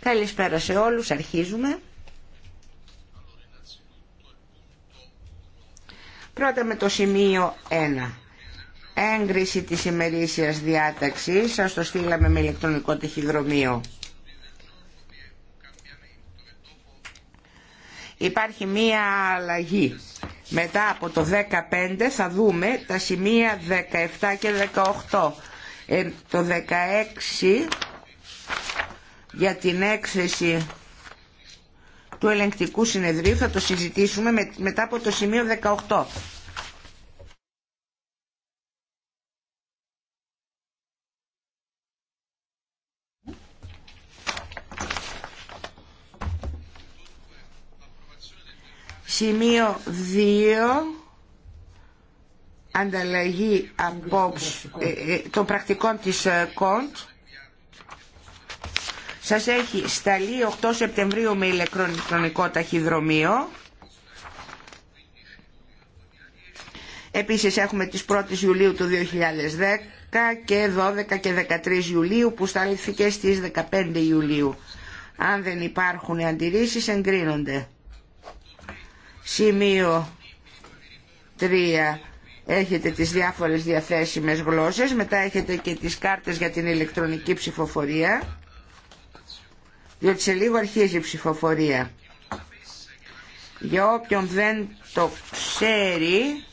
Καλησπέρα σε όλους. Αρχίζουμε. Πρώτα με το σημείο 1. Έγκριση της ημερήσιας διάταξης. Σας το στείλαμε με ηλεκτρονικό τεχειδρομείο Υπάρχει μία αλλαγή μετά από το 15 θα δούμε τα σημεία 17 και 18. Ε, το 16 για την έκθεση του ελεγκτικού συνεδρίου θα το συζητήσουμε μετά από το σημείο 18. Σημείο 2 ανταλλαγή απόψη ε, ε, των πρακτικών της ε, ΚΟΝΤ σας έχει σταλεί 8 Σεπτεμβρίου με ηλεκτρονικό ταχυδρομείο Επίσης έχουμε τις 1 Ιουλίου του 2010 και 12 και 13 Ιουλίου που σταλήθηκε στις 15 Ιουλίου. Αν δεν υπάρχουν αντιρρήσεις εγκρίνονται. Σημείο 3 έχετε τις διάφορες διαθέσιμες γλώσσες, μετά έχετε και τις κάρτες για την ηλεκτρονική ψηφοφορία, διότι σε λίγο αρχίζει η ψηφοφορία. Για όποιον δεν το ξέρει,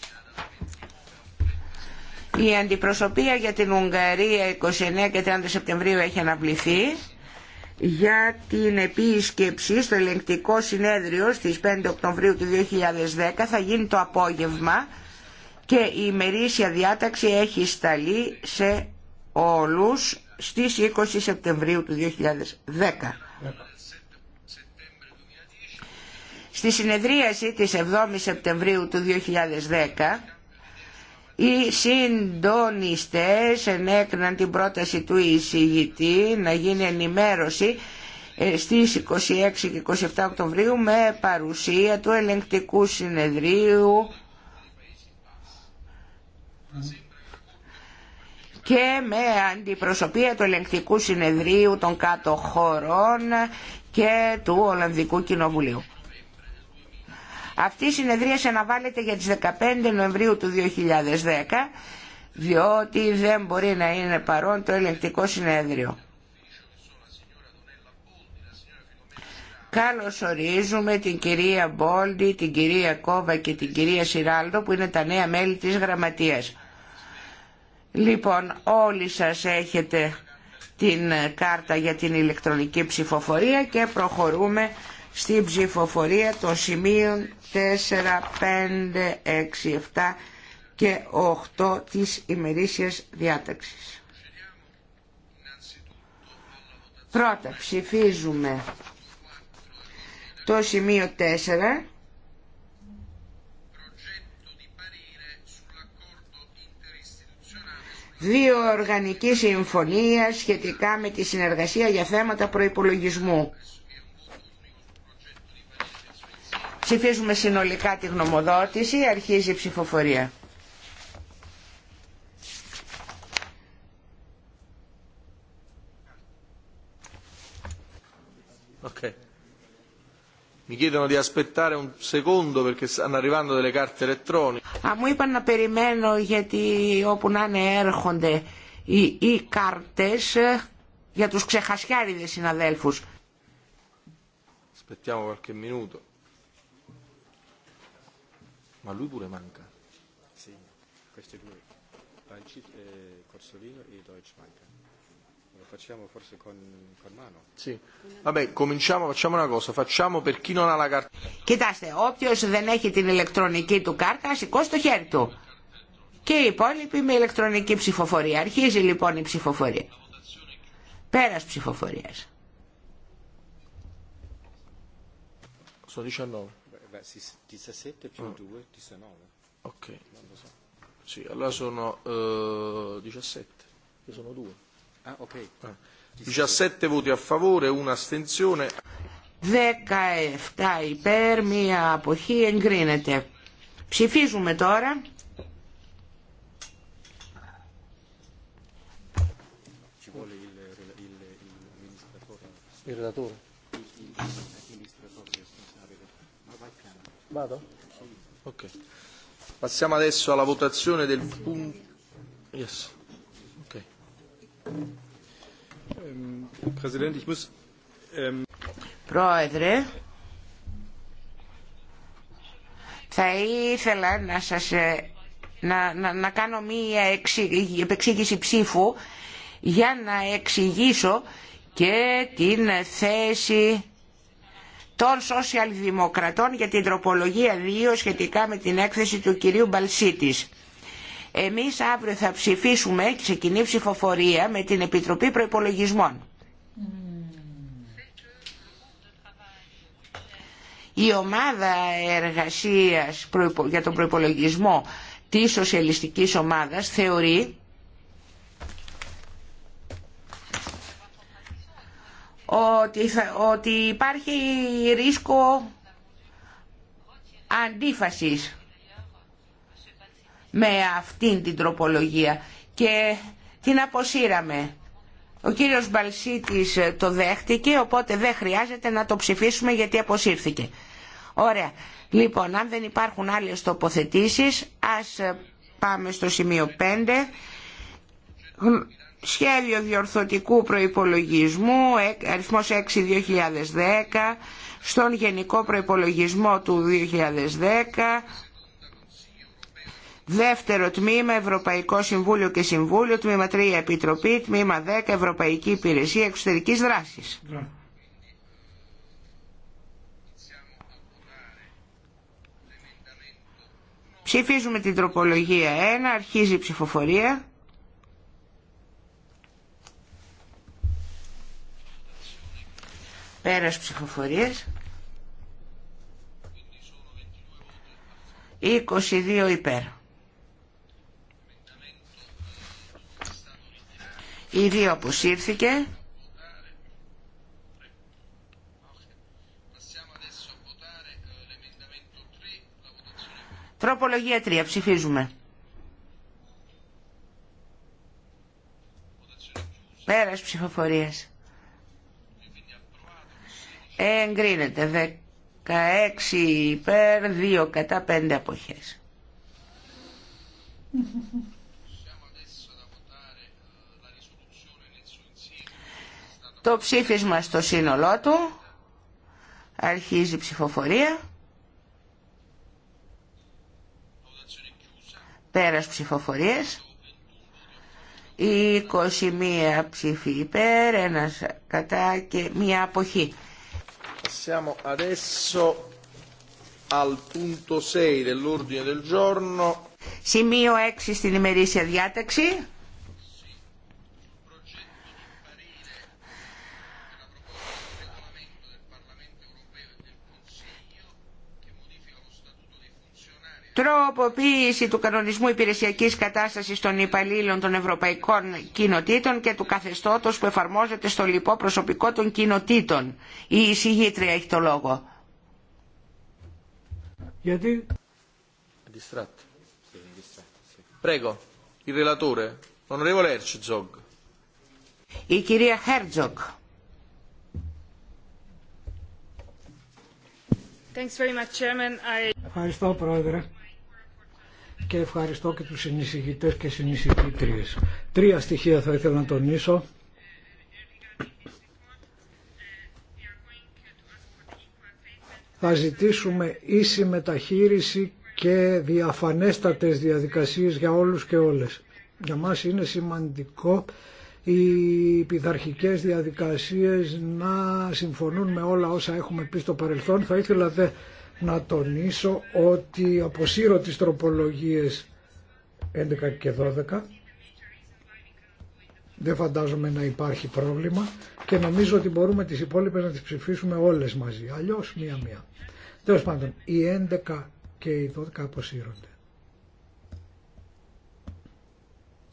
η αντιπροσωπεία για την Ουγγαρία 29 και 30 Σεπτεμβρίου έχει αναβληθεί για την επίσκεψη στο ελεγκτικό συνέδριο στις 5 Οκτωβρίου του 2010 θα γίνει το απόγευμα και η ημερήσια διάταξη έχει σταλεί σε όλους στις 20 Σεπτεμβρίου του 2010. Στη συνεδρίαση της 7 Σεπτεμβρίου του 2010 οι συντονιστές ενέκριναν την πρόταση του εισηγητή να γίνει ενημέρωση ε, στις 26 και 27 Οκτωβρίου με παρουσία του ελεγκτικού συνεδρίου και με αντιπροσωπεία του ελεγκτικού συνεδρίου των κάτω χωρών και του Ολλανδικού Κοινοβουλίου. Αυτή η συνεδρία αναβάλλεται για τις 15 Νοεμβρίου του 2010 διότι δεν μπορεί να είναι παρόν το ελεγκτικό συνέδριο. Καλωσορίζουμε ορίζουμε την κυρία Μπόλντι, την κυρία Κόβα και την κυρία Σιράλτο που είναι τα νέα μέλη της γραμματείας. Λοιπόν, όλοι σας έχετε την κάρτα για την ηλεκτρονική ψηφοφορία και προχωρούμε στην ψηφοφορία των σημείων 4, 5, 6, 7 και 8 της ημερήσιας διάταξης. Πρώτα ψηφίζουμε το σημείο 4 δύο οργανική συμφωνία σχετικά με τη συνεργασία για θέματα προϋπολογισμού. Ψηφίζουμε συνολικά τη γνωμοδότηση. Αρχίζει η ψηφοφορία. Okay. μου είπαν να περιμένω γιατί όπου να είναι έρχονται οι, οι κάρτες για τους ξεχασιάριδες συναδέλφους. Aspettiamo qualche minuto. Ma lui pure manca. Sì, questi due, Pancit e Corsolino e Deutsch manca. Lo facciamo forse con, con mano. Sì. Vabbè, cominciamo, facciamo una cosa, facciamo per chi non ha la carta. Κοιτάστε, όποιος δεν έχει την ηλεκτρονική του κάρτα, σηκώσει το χέρι του. Και οι υπόλοιποι με ηλεκτρονική ψηφοφορία. Αρχίζει λοιπόν η ψηφοφορία. Πέρα ψηφοφορία. Στο 19. Beh, 17 più 2, 19. Ok. Non lo so. Sì, allora sono uh, 17. Io sono 2. Ah, ok. 17 voti a favore, una astensione. 17 υπέρ, apoche αποχή εγκρίνεται. Ψηφίζουμε τώρα. Ci vuole il, il, il, relatore. il relatore. Vado. Ok. Passiamo adesso alla votazione del punto. Yes. Okay. Ehm, Presidente, ich muss. Ehm, Πρόεδρε, θα ήθελα να σας ε, να, να, να κάνω μία επεξήγηση ψήφου για να εξηγήσω και την θέση των σοσιαλδημοκρατών για την τροπολογία 2 σχετικά με την έκθεση του κυρίου Μπαλσίτης. Εμείς αύριο θα ψηφίσουμε, σε κοινή ψηφοφορία, με την Επιτροπή Προϋπολογισμών. Η ομάδα εργασίας για τον προϋπολογισμό της σοσιαλιστικής ομάδας θεωρεί ότι, ότι υπάρχει ρίσκο αντίφασης με αυτήν την τροπολογία και την αποσύραμε. Ο κύριος Μπαλσίτης το δέχτηκε, οπότε δεν χρειάζεται να το ψηφίσουμε γιατί αποσύρθηκε. Ωραία. Λοιπόν, αν δεν υπάρχουν άλλες τοποθετήσεις, ας πάμε στο σημείο 5 σχέδιο διορθωτικού προϋπολογισμού αριθμός 6 2010 στον γενικό προϋπολογισμό του 2010 Δεύτερο τμήμα Ευρωπαϊκό Συμβούλιο και Συμβούλιο, τμήμα 3 Επιτροπή, τμήμα 10 Ευρωπαϊκή Υπηρεσία Εξωτερικής Δράσης. Ψηφίζουμε την τροπολογία 1, αρχίζει η ψηφοφορία. Πέρας ψηφοφορίες. 22 υπέρ. Η 2 αποσύρθηκε. Τροπολογία 3. Ψηφίζουμε. Πέρας ψηφοφορίας εγκρίνεται 16 υπέρ 2 κατά 5 αποχές το ψήφισμα στο σύνολό του αρχίζει ψηφοφορία πέρας ψηφοφορίες 21 ψήφι υπέρ, ένας κατά και μία αποχή. Passiamo adesso al punto 6 dell'ordine del giorno. Σημείο 6 στην ημερήσια διάταξη. τροποποίηση του κανονισμού υπηρεσιακής κατάστασης των υπαλλήλων των ευρωπαϊκών κοινοτήτων και του καθεστώτος που εφαρμόζεται στο λοιπό προσωπικό των κοινοτήτων. Η εισηγήτρια έχει το λόγο. Γιατί... η ρελατούρε. Η κυρία Χέρτζοκ. Thanks very much, Chairman. I... Ευχαριστώ, Πρόεδρε και ευχαριστώ και τους συνεισηγητές και συνεισηγήτριες. Τρία στοιχεία θα ήθελα να τονίσω. Θα ζητήσουμε ίση μεταχείριση και διαφανέστατες διαδικασίες για όλους και όλες. Για μας είναι σημαντικό οι πειθαρχικές διαδικασίες να συμφωνούν με όλα όσα έχουμε πει στο παρελθόν. Θα ήθελα δε να τονίσω ότι αποσύρω τις τροπολογίες 11 και 12. Δεν φαντάζομαι να υπάρχει πρόβλημα και νομίζω ότι μπορούμε τις υπόλοιπες να τις ψηφίσουμε όλες μαζί. Αλλιώς μία-μία. Τέλος πάντων, οι 11 και οι 12 αποσύρονται.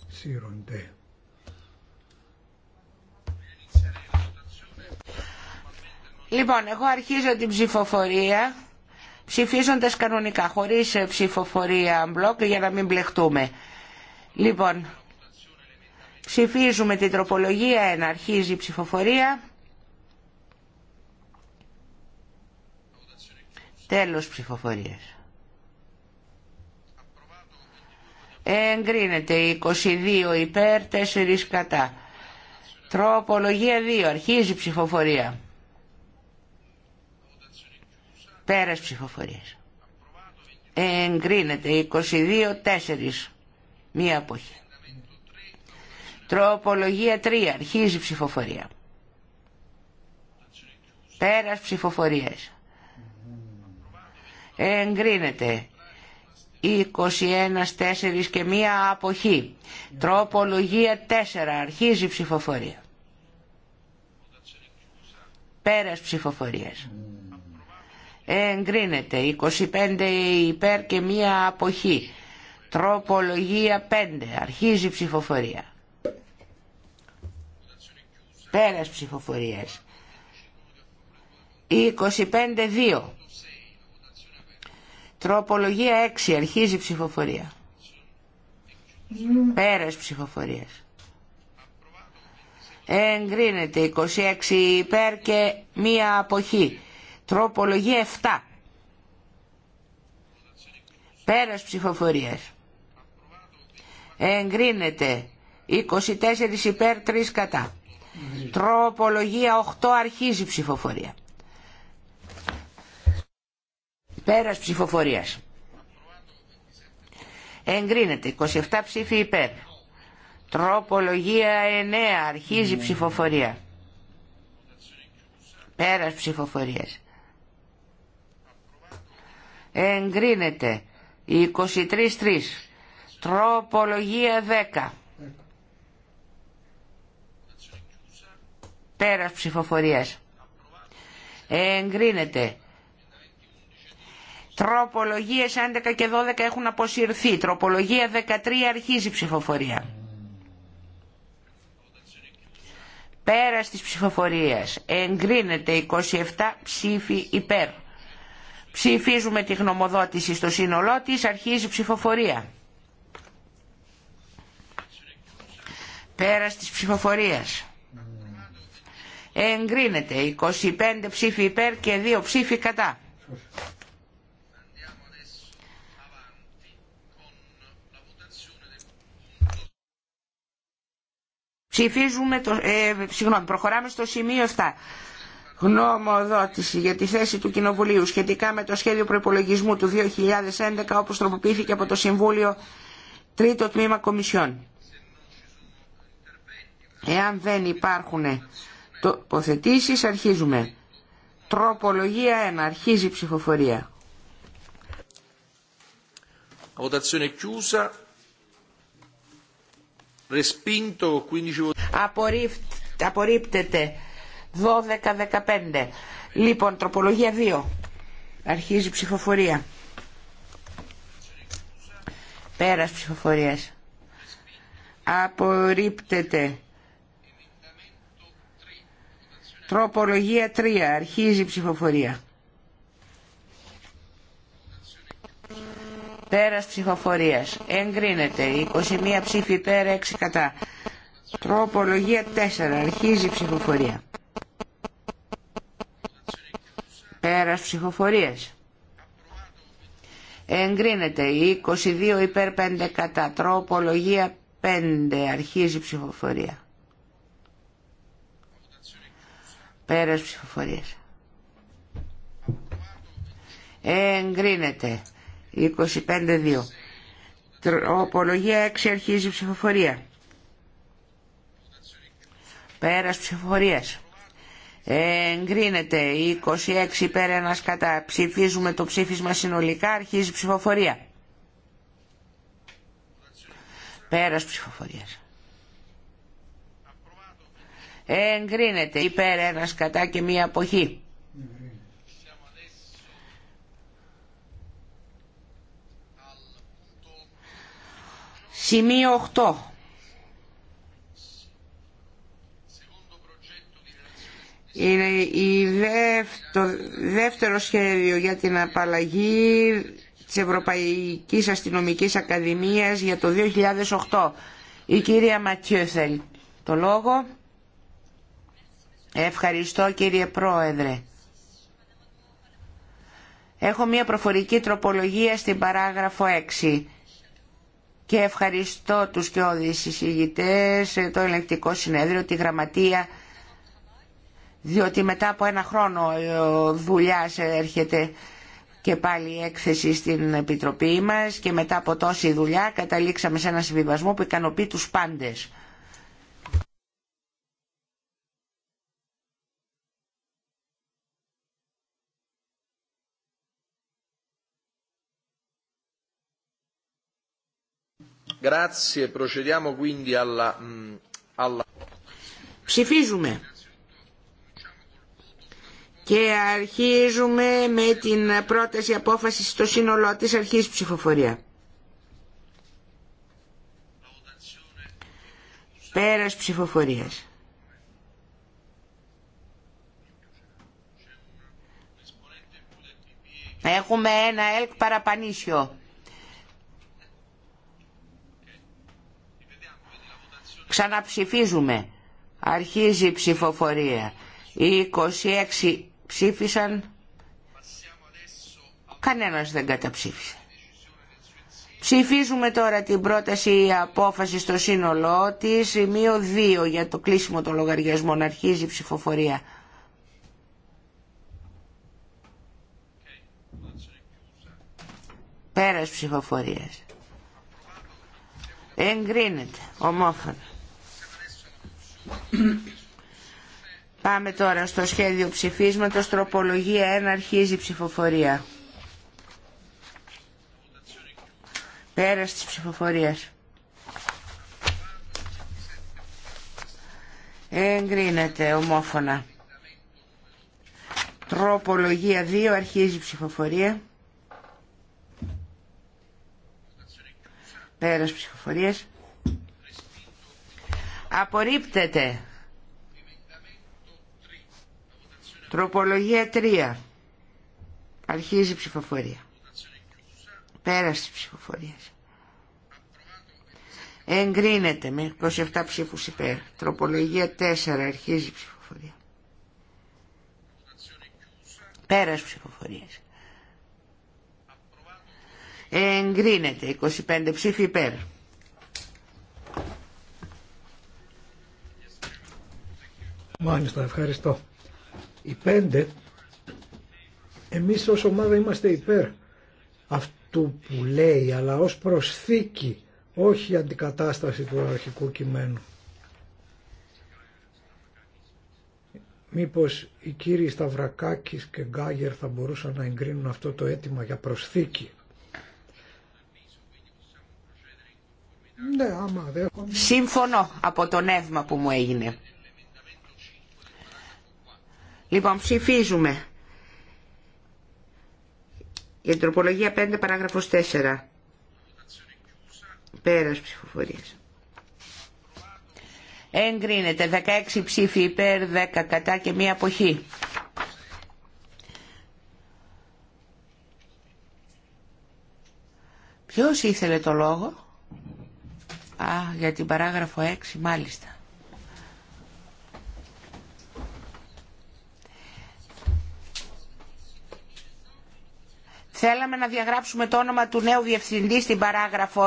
Σύρονται. Λοιπόν, εγώ αρχίζω την ψηφοφορία ψηφίζοντα κανονικά, χωρί ε, ψηφοφορία μπλοκ για να μην μπλεχτούμε. Λοιπόν, ψηφίζουμε την τροπολογία 1, αρχίζει η ψηφοφορία. Τέλος ψηφοφορίας. Εγκρίνεται 22 υπέρ, 4 κατά. Τροπολογία 2, αρχίζει η ψηφοφορία. Πέρας ψηφοφορίας. Εγκρίνεται 22-4. Μία αποχή. Τροπολογία 3. Αρχίζει ψηφοφορία. Πέρας ψηφοφορίας. Εγκρίνεται 21 4 και μία αποχή. Τροπολογία 4. Αρχίζει ψηφοφορία. Πέρας ψηφοφορίας εγκρίνεται 25 υπέρ και μία αποχή τροπολογία 5 αρχίζει ψηφοφορία πέρας ψηφοφορίας 25-2 τροπολογία 6 αρχίζει ψηφοφορία πέρας ψηφοφορίας εγκρίνεται 26 υπέρ και μία αποχή Τροπολογία 7. Πέρας ψηφοφορίας. Εγκρίνεται 24 υπέρ 3 κατά. Τροπολογία 8 αρχίζει ψηφοφορία. Πέρας ψηφοφορίας. Εγκρίνεται 27 ψήφοι υπέρ. Τροπολογία 9 αρχίζει ψηφοφορία. Πέρας ψηφοφορίας εγκρίνεται. 23-3. Τροπολογία 10. Πέρας ψηφοφορίας. Εγκρίνεται. Τροπολογίες 11 και 12 έχουν αποσυρθεί. Τροπολογία 13 αρχίζει ψηφοφορία. Πέρας της ψηφοφορίας εγκρίνεται 27 ψήφι υπέρ. Ψηφίζουμε τη γνωμοδότηση στο σύνολό της, αρχίζει η ψηφοφορία. Πέρας της ψηφοφορίας. Εγκρίνεται 25 ψήφοι υπέρ και 2 ψήφοι κατά. Ψηφίζουμε το, ε, προχωράμε στο σημείο 7 γνωμοδότηση για τη θέση του Κοινοβουλίου σχετικά με το σχέδιο προπολογισμού του 2011 όπως τροποποιήθηκε από το Συμβούλιο Τρίτο Τμήμα Κομισιόν. Εάν δεν υπάρχουν τοποθετήσει, αρχίζουμε. Τροπολογία 1. Αρχίζει η ψηφοφορία. Απορρίπτεται 12-15. Λοιπόν, τροπολογία 2. Αρχίζει η ψηφοφορία. Πέρας ψηφοφορίας. Απορρίπτεται. Τροπολογία 3. Αρχίζει η ψηφοφορία. Πέρας ψηφοφορίας. Εγκρίνεται. 21 ψήφοι πέρα, 6 κατά. Τροπολογία 4. Αρχίζει η ψηφοφορία. Πέρας ψυχοφορίας. Εγκρίνεται 22 υπέρ 5 κατά τροπολογία 5 αρχίζει ψηφοφορία. Πέρας ψηφοφορίας. Εγκρίνεται 25-2. Τροπολογία 6 αρχίζει ψηφοφορία. Πέρας ψηφοφορίας εγκρίνεται 26 υπέρ ένας κατά ψηφίζουμε το ψήφισμα συνολικά αρχίζει ψηφοφορία πέρας ψηφοφορίας εγκρίνεται υπέρ ένας κατά και μία αποχή σημείο 8 είναι η το δεύτερο σχέδιο για την απαλλαγή της Ευρωπαϊκής Αστυνομικής Ακαδημίας για το 2008. Η κυρία Ματιούθελ, το λόγο. Ευχαριστώ κύριε Πρόεδρε. Έχω μία προφορική τροπολογία στην παράγραφο 6 και ευχαριστώ τους και όδης το ελεγκτικό συνέδριο, τη γραμματεία διότι μετά από ένα χρόνο ε, δουλειά έρχεται και πάλι η έκθεση στην Επιτροπή μας και μετά από τόση δουλειά καταλήξαμε σε ένα συμβιβασμό που ικανοποιεί τους πάντες. Grazie, procediamo quindi alla... Mm, Ψηφίζουμε. Και αρχίζουμε με την πρόταση απόφαση στο σύνολό της αρχής ψηφοφορία. Πέρας ψηφοφορίας. Έχουμε ένα ΕΛΚ παραπανίσιο. Ξαναψηφίζουμε. Αρχίζει η ψηφοφορία. 26 ψήφισαν, κανένας δεν καταψήφισε. Ψηφίζουμε τώρα την πρόταση απόφαση στο σύνολό τη. Σημείο 2 για το κλείσιμο των λογαριασμών. Αρχίζει η ψηφοφορία. Πέρας ψηφοφορίας. Εγκρίνεται. Ομόφωνα. Πάμε τώρα στο σχέδιο ψηφίσματος. Τροπολογία 1. Αρχίζει η ψηφοφορία. Πέρας της ψηφοφορίας. Εγκρίνεται ομόφωνα. Τροπολογία 2. Αρχίζει η ψηφοφορία. Πέρας ψηφοφορίας. Απορρίπτεται. Τροπολογία 3. Αρχίζει η ψηφοφορία. τη ψηφοφορία. Εγκρίνεται με 27 ψήφους υπέρ. Τροπολογία 4. Αρχίζει η ψηφοφορία. Πέρας ψηφοφορίας. Εγκρίνεται 25 ψήφοι υπέρ. Μάλιστα, ευχαριστώ. Οι πέντε, εμείς ως ομάδα είμαστε υπέρ αυτού που λέει, αλλά ως προσθήκη, όχι αντικατάσταση του αρχικού κειμένου. Μήπως οι κύριοι Σταυρακάκης και Γκάγερ θα μπορούσαν να εγκρίνουν αυτό το αίτημα για προσθήκη. Ναι, άμα Σύμφωνο από το νεύμα που μου έγινε. Λοιπόν, ψηφίζουμε. Η τροπολογία 5 παράγραφος 4. Πέρας ψηφοφορίας. Εγκρίνεται 16 ψήφοι υπέρ, 10 κατά και μία αποχή. Ποιος ήθελε το λόγο? Α, για την παράγραφο 6 μάλιστα. Θέλαμε να διαγράψουμε το όνομα του νέου διευθυντή στην παράγραφο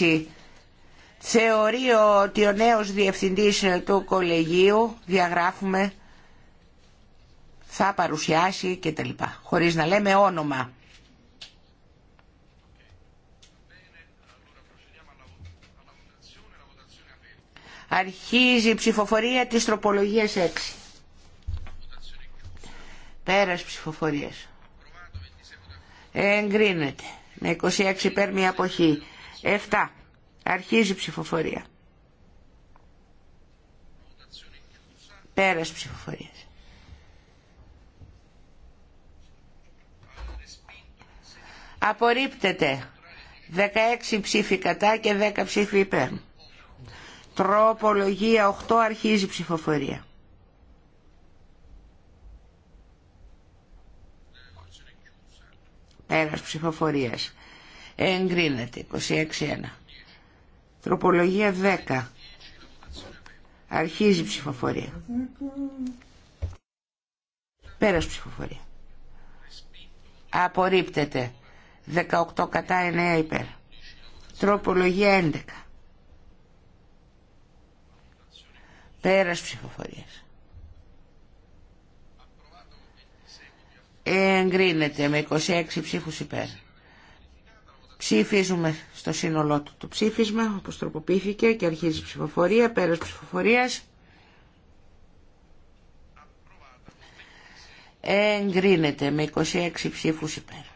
6. Θεωρεί ότι ο νέος διευθυντής του κολεγίου, διαγράφουμε, θα παρουσιάσει και τα χωρίς να λέμε όνομα. Αρχίζει η ψηφοφορία της τροπολογίας 6. Πέρας ψηφοφορίας εγκρίνεται με 26 υπέρ μια αποχή 7 αρχίζει ψηφοφορία πέρας ψηφοφορίας απορρίπτεται 16 ψήφοι κατά και 10 ψήφοι υπέρ τροπολογία 8 αρχίζει ψηφοφορία Πέρας ψηφοφορίας. Εγκρίνεται. 26-1. Τροπολογία 10. Αρχίζει ψηφοφορία. Πέρας ψηφοφορία. Απορρίπτεται. 18 κατά 9 υπέρ. Τροπολογία 11. Πέρας ψηφοφορίας. εγκρίνεται με 26 ψήφους υπέρ. Ψηφίζουμε στο σύνολό του το ψήφισμα, όπως τροποποιήθηκε και αρχίζει η ψηφοφορία, πέρας ψηφοφορίας. Εγκρίνεται με 26 ψήφους υπέρ.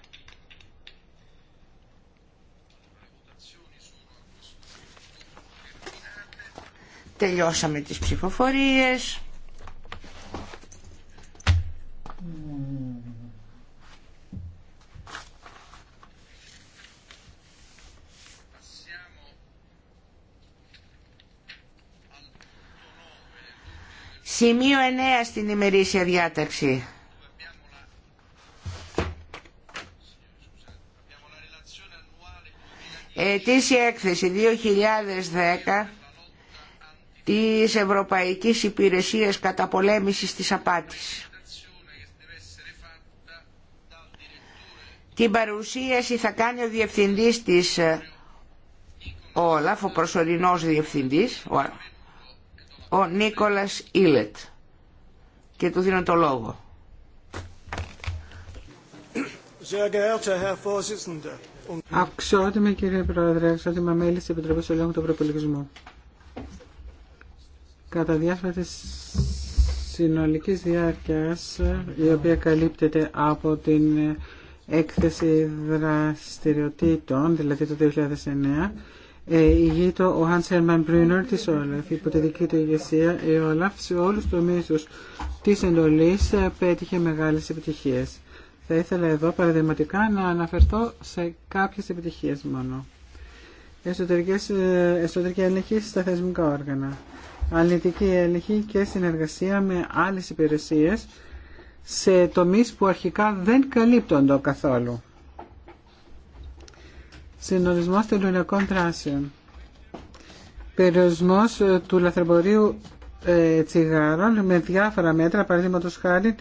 Τελειώσαμε τις ψηφοφορίες. Σημείο 9 στην ημερήσια διάταξη. Ετήσια έκθεση 2010 της Ευρωπαϊκής Υπηρεσίας Καταπολέμησης της Απάτης. Την παρουσίαση θα κάνει ο διευθυντής της Όλαφ, ο προσωρινός διευθυντής, ο ο Νίκολας Ήλετ και του δίνω το λόγο. Αξιότιμη κύριε Πρόεδρε, αξιότιμα μέλη της Επιτροπής Ελέγχου του Προπολογισμού. Κατά διάφορα της συνολικής διάρκειας, η οποία καλύπτεται από την έκθεση δραστηριοτήτων, δηλαδή το 2009, ε, ηγείται ο Hans Hermann Brunner της Όλαφ. Υπό τη δική του ηγεσία η Όλαφ σε όλους τους μίσους της εντολής ε, πέτυχε μεγάλες επιτυχίες. Θα ήθελα εδώ παραδειγματικά να αναφερθώ σε κάποιες επιτυχίες μόνο. Εσωτερικές, ε, εσωτερική έλεγχη στα θεσμικά όργανα. αλληλετική έλεγχη και συνεργασία με άλλες υπηρεσίες σε τομείς που αρχικά δεν καλύπτονται καθόλου. Συντονισμός των ελληνικών δράσεων. Περιορισμός ε, του λαθρεμπορίου ε, τσιγάρων με διάφορα μέτρα, παραδείγματο χάρη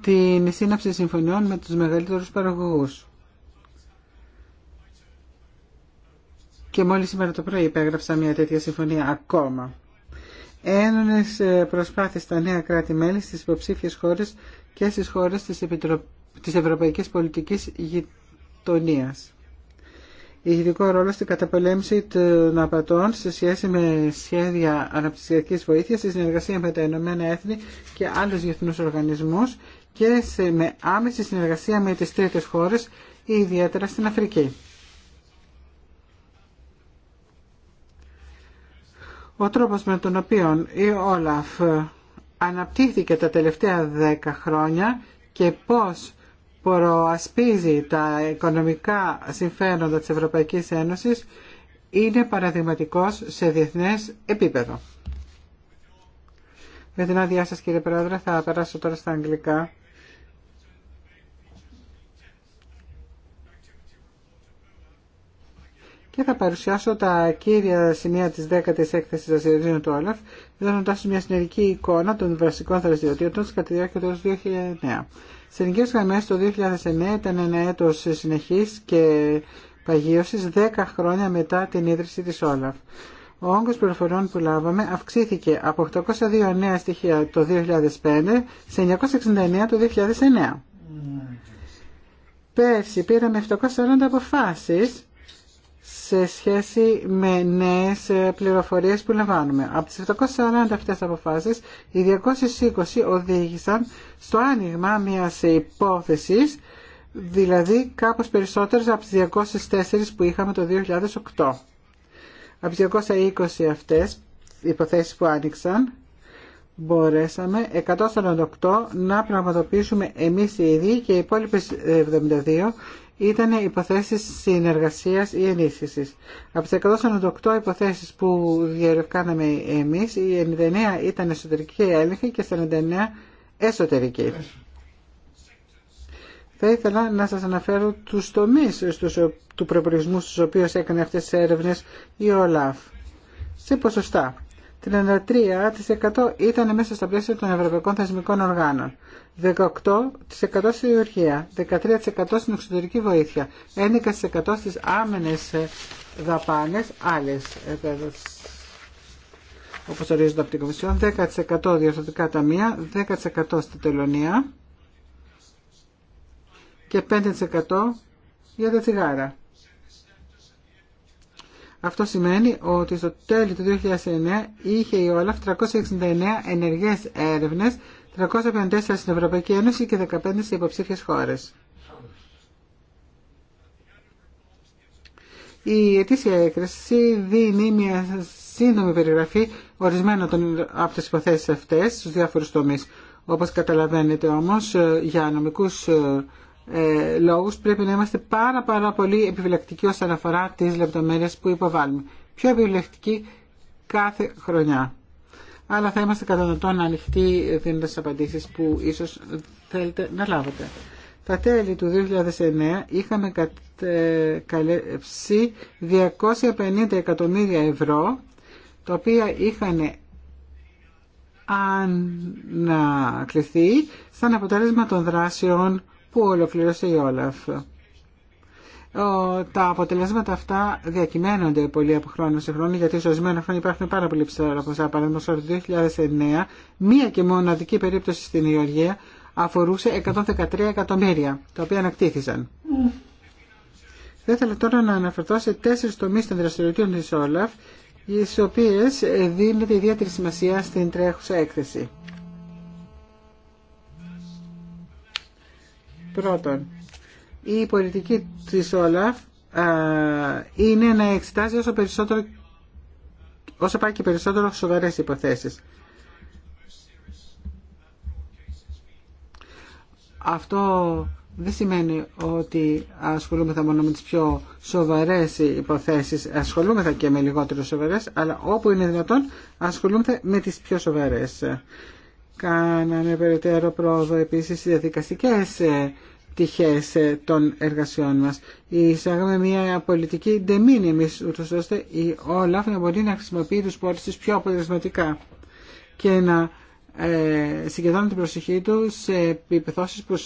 την σύναψη συμφωνιών με τους μεγαλύτερους παραγωγούς. Και μόλις σήμερα το πρωί υπέγραψα μια τέτοια συμφωνία ακόμα. Ένωνες ε, προσπάθειες στα νέα κράτη-μέλη στις υποψήφιες χώρες και στις χώρες της, Επιτρο... της Ευρωπαϊκής Πολιτικής ειδικό ρόλο στην καταπολέμηση των απατών σε σχέση με σχέδια αναπτυξιακής βοήθειας, στη συνεργασία με τα Ηνωμένα Έθνη και άλλους διεθνούς οργανισμούς και σε, με άμεση συνεργασία με τις τρίτες χώρες, ιδιαίτερα στην Αφρική. Ο τρόπος με τον οποίο η Όλαφ αναπτύχθηκε τα τελευταία δέκα χρόνια και πώς προασπίζει τα οικονομικά συμφέροντα της Ευρωπαϊκής Ένωσης είναι παραδειγματικός σε διεθνές επίπεδο. Με την άδειά σας κύριε Πρόεδρε θα περάσω τώρα στα αγγλικά. και θα παρουσιάσω τα κύρια σημεία της 10ης έκθεσης δραστηριοτήτων του Όλαφ, δίνοντάς μια συνεργική εικόνα των βασικών δραστηριοτήτων κατά τη διάρκεια του 2009. Σε ελληνικέ γραμμέ το 2009 ήταν ένα έτος συνεχής και παγίωση 10 χρόνια μετά την ίδρυση της Όλαφ. Ο όγκος πληροφοριών που λάβαμε αυξήθηκε από 802 νέα στοιχεία το 2005 σε 969 το 2009. Ναι. Πέρσι πήραμε 740 αποφάσεις σε σχέση με νέες ε, πληροφορίες που λαμβάνουμε. Από τις 740 αυτές αποφάσεις, οι 220 οδήγησαν στο άνοιγμα μιας υπόθεσης, δηλαδή κάπως περισσότερες από τις 204 που είχαμε το 2008. Από τις 220 αυτές υποθέσεις που άνοιξαν, μπορέσαμε 148 να πραγματοποιήσουμε εμείς οι ίδιοι και οι υπόλοιπες 72 ήταν υποθέσεις συνεργασίας ή ενίσχυσης. Από τις 148 υποθέσεις που διερευκάναμε εμείς, η 99 ήταν εσωτερική έλεγχη και 49 εσωτερική. Θα ήθελα να σας αναφέρω τους τομείς στους, του προπολογισμού στους οποίους έκανε αυτές τις έρευνες η ΟΛΑΦ. Σε ποσοστά. 33% ήταν μέσα στα πλαίσια των ευρωπαϊκών θεσμικών οργάνων. 18% στη Γεωργία, 13% στην εξωτερική βοήθεια, 11% στις άμενες δαπάνες, άλλες όπως ορίζονται από την Κομισιόν, 10% διορθωτικά ταμεία, 10% στη τελωνία και 5% για τα τσιγάρα. Αυτό σημαίνει ότι στο τέλη του 2009 είχε η ΟΛΑΦ 369 ενεργές έρευνες, 354 στην Ευρωπαϊκή Ένωση και 15 σε υποψήφιες χώρες. Η ετήσια έκραση δίνει μια σύντομη περιγραφή ορισμένων από τις υποθέσεις αυτές στους διάφορους τομείς. Όπως καταλαβαίνετε όμως, για νομικούς ε, ε, πρέπει να είμαστε πάρα πάρα πολύ επιβλεκτικοί όσον αφορά τις λεπτομέρειες που υποβάλλουμε. Πιο επιβλεκτικοί κάθε χρονιά. Αλλά θα είμαστε κατανοτών ανοιχτοί δίνοντα απαντήσει που ίσως θέλετε να λάβετε. Τα τέλη του 2009 είχαμε καλέψει 250 εκατομμύρια ευρώ τα οποία είχαν ανακληθεί σαν αποτέλεσμα των δράσεων που ολοκληρώσε η Όλαφ. Τα αποτελέσματα αυτά διακυμαίνονται πολύ από χρόνο σε χρόνο, γιατί σε ορισμένα χρόνια υπάρχουν πάρα πολλοί ψηλά ποσά. Παραδείγματο, το 2009, μία και μοναδική περίπτωση στην Ιωργία αφορούσε 113 εκατομμύρια, τα οποία ανακτήθησαν. Mm. Θα ήθελα τώρα να αναφερθώ σε τέσσερι τομεί των δραστηριοτήτων τη Όλαφ, οι οποίε δίνεται ιδιαίτερη σημασία στην τρέχουσα έκθεση. Πρώτον, η πολιτική της Όλαφ είναι να εξετάζει όσο περισσότερο όσο πάει και περισσότερο σοβαρές υποθέσεις. Αυτό δεν σημαίνει ότι ασχολούμεθα μόνο με τις πιο σοβαρές υποθέσεις, ασχολούμεθα και με λιγότερο σοβαρές, αλλά όπου είναι δυνατόν ασχολούμεθα με τις πιο σοβαρές. Κάναμε περαιτέρω πρόοδο επίσης στις διαδικαστικές ε, τυχές ε, των εργασιών μας. Εισάγαμε μια πολιτική de minimis, ούτως ώστε η Όλαφ να μπορεί να χρησιμοποιεί τους πόρους πιο αποτελεσματικά και να ε, συγκεντρώνει την προσοχή του σε επιπεθώσεις που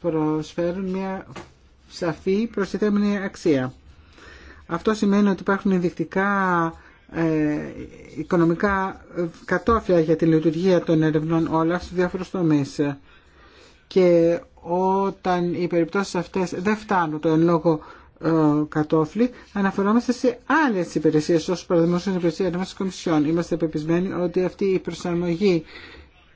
προσφέρουν μια σαφή προστιθέμενη αξία. Αυτό σημαίνει ότι υπάρχουν ενδεικτικά ε, οικονομικά κατόφια για τη λειτουργία των ερευνών όλα στους διάφορους τομείς. Και όταν οι περιπτώσεις αυτές δεν φτάνουν το εν λόγω ε, κατόφλι, αναφερόμαστε σε άλλες υπηρεσίες, όσο παραδείγματος στην υπηρεσία των της Κομισιόν. Είμαστε πεπισμένοι ότι αυτή η προσαρμογή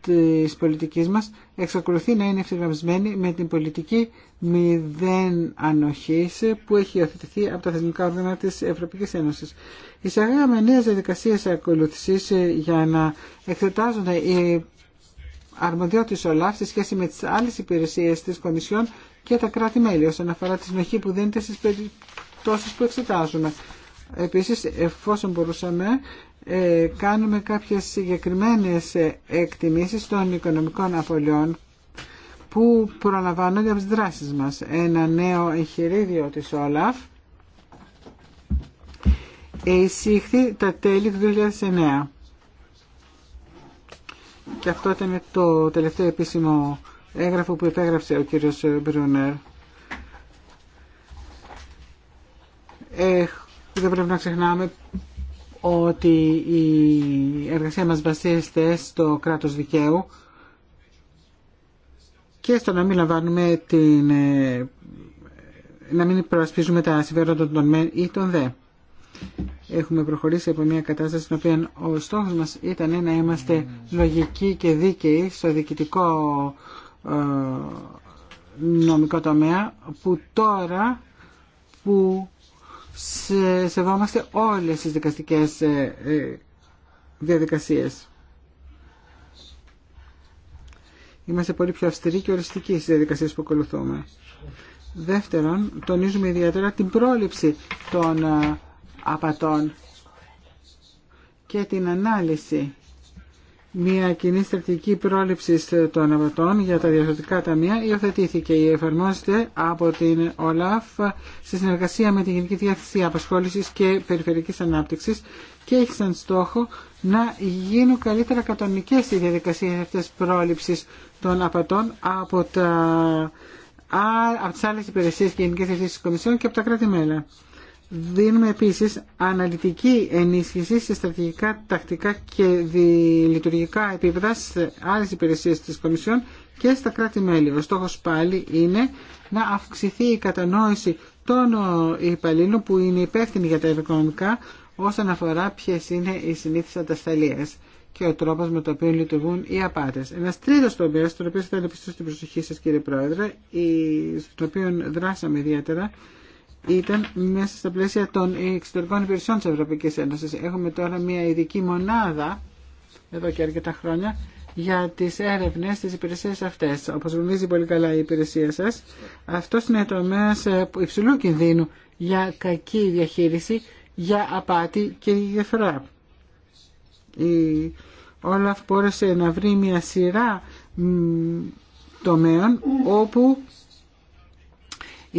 της πολιτικής μας εξακολουθεί να είναι ευθυγραμμισμένη με την πολιτική μηδέν ανοχής που έχει υιοθετηθεί από τα θεσμικά όργανα της Ευρωπαϊκής Ένωσης. Εισαγάγαμε νέες διαδικασίες ακολουθήσεις ε, για να εξετάζονται οι αρμοδιότητες ΟΛΑΦ σε σχέση με τις άλλες υπηρεσίες της Κομισιόν και τα κράτη-μέλη όσον αφορά τη συνοχή που δίνεται στις περιπτώσεις που εξετάζουμε. Επίσης, εφόσον μπορούσαμε, ε, κάνουμε κάποιες συγκεκριμένες ε, εκτιμήσεις των οικονομικών απολειών που προλαμβάνονται από τις δράσεις μας. Ένα νέο εγχειρίδιο της Όλαφ εισήχθη τα τέλη του 2009. Και αυτό ήταν το τελευταίο επίσημο έγγραφο που υπέγραψε ο κύριος Μπρουνέρ. Ε, δεν πρέπει να ξεχνάμε ότι η εργασία μας βασίζεται στο κράτος δικαίου και στο να μην λαμβάνουμε την, ε, να μην προασπίζουμε τα συμφέροντα των μεν ή των δε. Έχουμε προχωρήσει από μια κατάσταση στην οποία ο στόχος μας ήταν να είμαστε λογικοί και δίκαιοι στο διοικητικό ε, νομικό τομέα που τώρα που σεβόμαστε όλες τις δικαστικές ε, ε, διαδικασίες. Είμαστε πολύ πιο αυστηροί και οριστικοί στις διαδικασίες που ακολουθούμε. Δεύτερον, τονίζουμε ιδιαίτερα την πρόληψη των ε, απατών και την ανάλυση μια κοινή στρατηγική πρόληψη των απατών για τα διαδοτικά ταμεία υιοθετήθηκε ή εφαρμόζεται από την ΟΛΑΦ σε συνεργασία με την Γενική Διεύθυνση Απασχόληση και Περιφερειακή Ανάπτυξη και έχει σαν στόχο να γίνουν καλύτερα κατανοητικέ οι διαδικασίε αυτέ πρόληψη των απατών από, τα... από τι άλλε υπηρεσίε και γενικέ διευθύνσει τη και από τα κράτη-μέλη. Δίνουμε επίσης αναλυτική ενίσχυση σε στρατηγικά, τακτικά και λειτουργικά επίπεδα σε άλλες υπηρεσίες της Κομισιόν και στα κράτη-μέλη. Ο στόχος πάλι είναι να αυξηθεί η κατανόηση των ε, υπαλλήλων που είναι υπεύθυνοι για τα οικονομικά όσον αφορά ποιε είναι οι συνήθεις ατασταλίες και ο τρόπο με τον οποίο λειτουργούν οι απάτε. Ένα τρίτο τομέα, στον οποίο θα να στην προσοχή σα, κύριε Πρόεδρε, στον οποίο δράσαμε ιδιαίτερα, ήταν μέσα στα πλαίσια των εξωτερικών υπηρεσιών της Ευρωπαϊκής Ένωσης. Έχουμε τώρα μια ειδική μονάδα, εδώ και αρκετά χρόνια, για τις έρευνες της υπηρεσίας αυτές. Όπως γνωρίζει πολύ καλά η υπηρεσία σας, αυτό είναι τομέας υψηλού κινδύνου για κακή διαχείριση, για απάτη και διαφορά. Η Όλαφ μπόρεσε να βρει μια σειρά τομέων όπου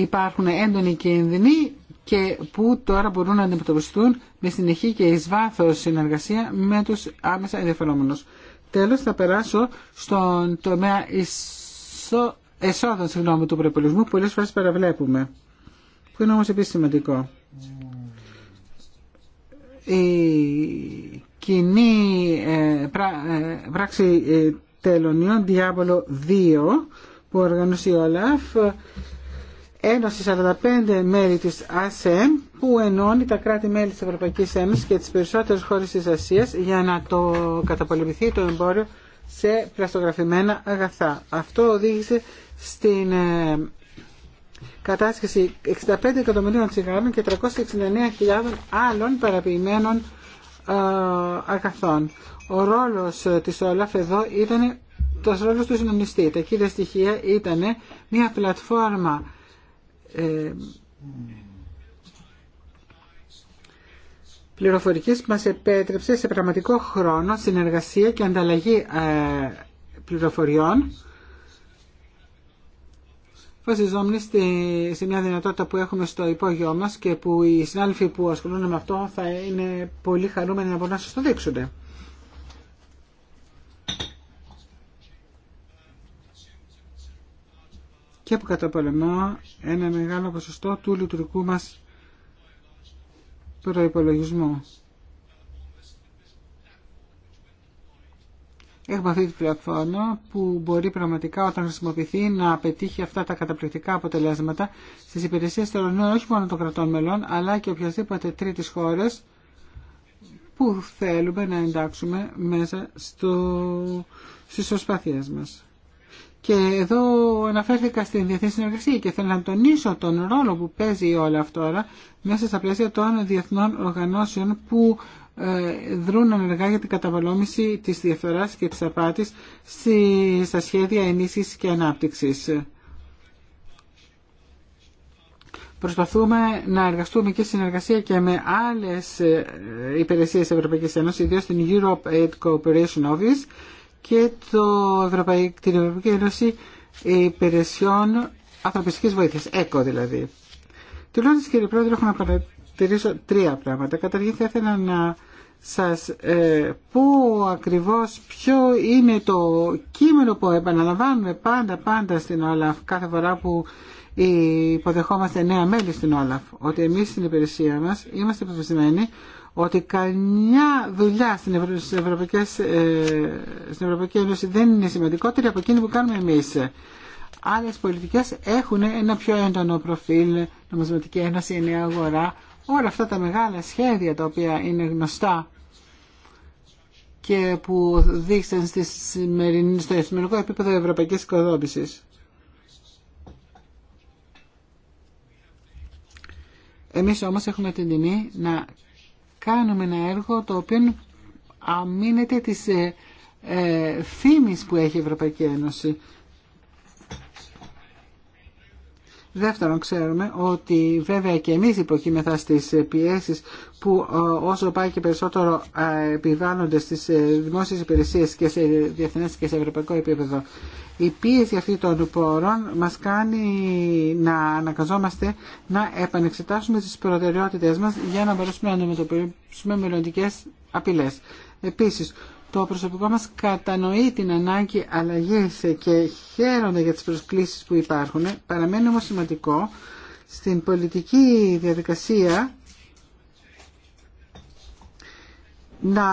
υπάρχουν έντονοι κίνδυνοι και που τώρα μπορούν να αντιμετωπιστούν με συνεχή και εις βάθος συνεργασία με τους άμεσα ενδιαφερόμενους. Τέλος θα περάσω στον τομέα εισο... εσόδων συγγνώμη, του προπολισμού που πολλές φορές παραβλέπουμε, που είναι όμως επίσης σημαντικό. Η κοινή ε, ε, πράξη ε, τελωνίων, διάβολο 2, που οργανώσει ο ΛΑΦ Ένωση 45 μέλη της ΑΣΕΜ που ενώνει τα κράτη-μέλη της Ευρωπαϊκής Ένωσης και τις περισσότερες χώρες της Ασίας για να το καταπολεμηθεί το εμπόριο σε πλαστογραφημένα αγαθά. Αυτό οδήγησε στην ε, κατάσχεση 65 εκατομμυρίων τσιγάρων και 369.000 άλλων παραποιημένων ε, αγαθών. Ο ρόλος ε, της ΟΛΑΦ εδώ ήταν το ρόλο του συντονιστή. Τα κύρια στοιχεία ήταν μια πλατφόρμα ε, πληροφορικής μας επέτρεψε σε πραγματικό χρόνο συνεργασία και ανταλλαγή ε, πληροφοριών βασιζόμενοι σε μια δυνατότητα που έχουμε στο υπόγειό μας και που οι συνάδελφοι που ασχολούνται με αυτό θα είναι πολύ χαρούμενοι να μπορούν να σας το δείξουν. και που καταπολεμά ένα μεγάλο ποσοστό του λειτουργικού μας προϋπολογισμού. Έχουμε αυτή τη πλατφόρμα που μπορεί πραγματικά όταν χρησιμοποιηθεί να πετύχει αυτά τα καταπληκτικά αποτελέσματα στις υπηρεσίες τελωνίων όχι μόνο των κρατών μελών αλλά και οποιασδήποτε τρίτης χώρες που θέλουμε να εντάξουμε μέσα στο... στις προσπάθειές μας. Και εδώ αναφέρθηκα στην διεθνή συνεργασία και θέλω να τονίσω τον ρόλο που παίζει όλα αυτά τώρα μέσα στα πλαίσια των διεθνών οργανώσεων που ε, δρούν ενεργά για την καταβαλώμηση της διαφθοράς και της απάτης στα σχέδια ενίσχυσης και ανάπτυξης. Προσπαθούμε να εργαστούμε και συνεργασία και με άλλες ε, υπηρεσίες Ευρωπαϊκής Ένωσης, ιδίως την Europe Aid Cooperation Office, και το την Ευρωπαϊκή Ένωση Υπηρεσιών Ανθρωπιστικής Βοήθειας, ΕΚΟ δηλαδή. Τελειώνοντας κύριε Πρόεδρε, έχω να παρατηρήσω τρία πράγματα. Καταρχήν θα ήθελα να σας ε, πω που επαναλαμβάνουμε πάντα πάντα στην Όλαφ κάθε φορά που υποδεχόμαστε νέα μέλη στην Όλαφ ότι εμείς στην υπηρεσία μας είμαστε επιβεβαιωμένοι ότι καμιά δουλειά στην, Ευρω... Ε, στην Ευρωπαϊκή Ένωση δεν είναι σημαντικότερη από εκείνη που κάνουμε εμείς. Άλλες πολιτικές έχουν ένα πιο έντονο προφίλ, νομισματική ένωση, η νέα αγορά, όλα αυτά τα μεγάλα σχέδια τα οποία είναι γνωστά και που δείξαν στη σημερινή, στο σημερινό επίπεδο ευρωπαϊκής οικοδόμησης. Εμείς όμως έχουμε την τιμή να κάνουμε ένα έργο το οποίο αμήνεται της ε, ε που έχει η Ευρωπαϊκή Ένωση. Δεύτερον, ξέρουμε ότι βέβαια και εμεί υποκείμεθα στις πιέσεις που ε, όσο πάει και περισσότερο ε, επιβάλλονται στις ε, δημόσιε υπηρεσίε και σε διεθνές και σε ευρωπαϊκό επίπεδο. Η πίεση αυτή των πόρων μας κάνει να αναγκαζόμαστε να επανεξετάσουμε τις προτεραιότητες μας για να μπορέσουμε να αντιμετωπίσουμε μελλοντικέ απειλές. Το προσωπικό μας κατανοεί την ανάγκη αλλαγής και χαίρονται για τις προσκλήσεις που υπάρχουν. Παραμένει όμως σημαντικό στην πολιτική διαδικασία να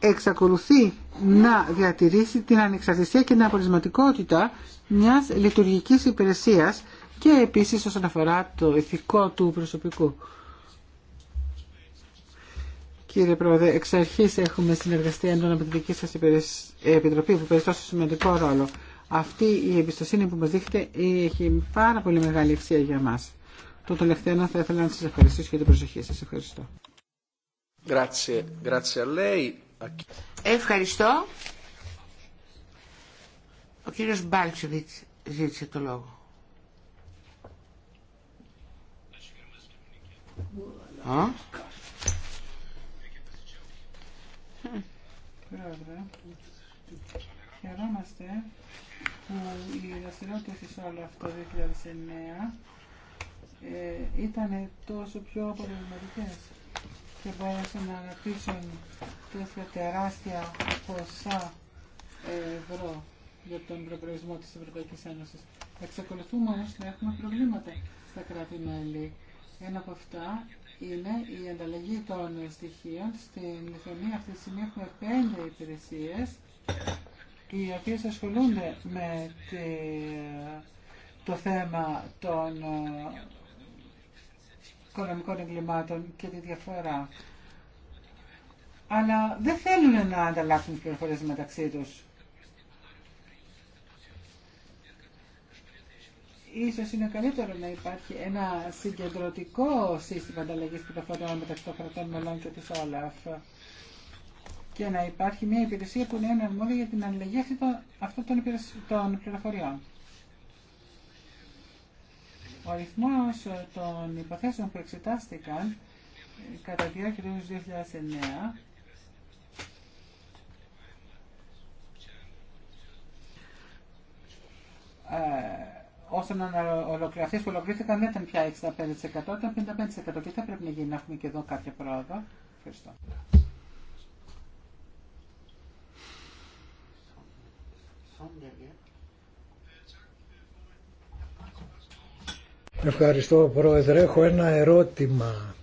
εξακολουθεί να διατηρήσει την ανεξαρτησία και την απολυσματικότητα μιας λειτουργικής υπηρεσίας και επίσης όσον αφορά το ηθικό του προσωπικού. Κύριε Πρόεδρε, εξ αρχή έχουμε συνεργαστεί έντονα με την δική σα ε, επιτροπή που παίζει τόσο σημαντικό ρόλο. Αυτή η εμπιστοσύνη που μα δείχνετε ε, έχει πάρα πολύ μεγάλη ευσία για μα. Το τελευταίο θα ήθελα να σα ευχαριστήσω για την προσοχή σα. Ευχαριστώ. Ευχαριστώ. Ο κύριος Μπάλτσεβιτ ζήτησε το λόγο. Α? Πρόεδρε. Χαιρόμαστε που οι δραστηριότητε τη αυτό το 2009 ε, ήταν τόσο πιο αποτελεσματικέ και μπόρεσαν να αναπτύξουν τέτοια τεράστια ποσά ευρώ για τον προπολογισμό της Ευρωπαϊκής Ένωσης. Εξακολουθούμε όμως να έχουμε προβλήματα στα κράτη-μέλη. Ένα από αυτά είναι η ανταλλαγή των στοιχείων. Στην Λιθουανία αυτή τη στιγμή έχουμε πέντε υπηρεσίες οι οποίες ασχολούνται με το θέμα των ε, οικονομικών εγκλημάτων και τη διαφορά. Αλλά δεν θέλουν να ανταλλάξουν πληροφορίες μεταξύ τους. ίσως είναι καλύτερο να υπάρχει ένα συγκεντρωτικό σύστημα ανταλλαγής πληροφοριών μεταξύ των κρατών μελών και της Όλαφ και να υπάρχει μια υπηρεσία που είναι αρμόδια για την αλληλεγγύη αυτών των, των πληροφοριών. Ο αριθμό ε, των υποθέσεων που εξετάστηκαν ε, κατά τη διάρκεια του 2009 να ολοκληρωθείς που ολοκληρώθηκαν δεν ήταν πια 65% ήταν 55% και θα πρέπει να γίνει να έχουμε και εδώ κάποια πρόοδο. Ευχαριστώ. Ευχαριστώ Πρόεδρε. Έχω ένα ερώτημα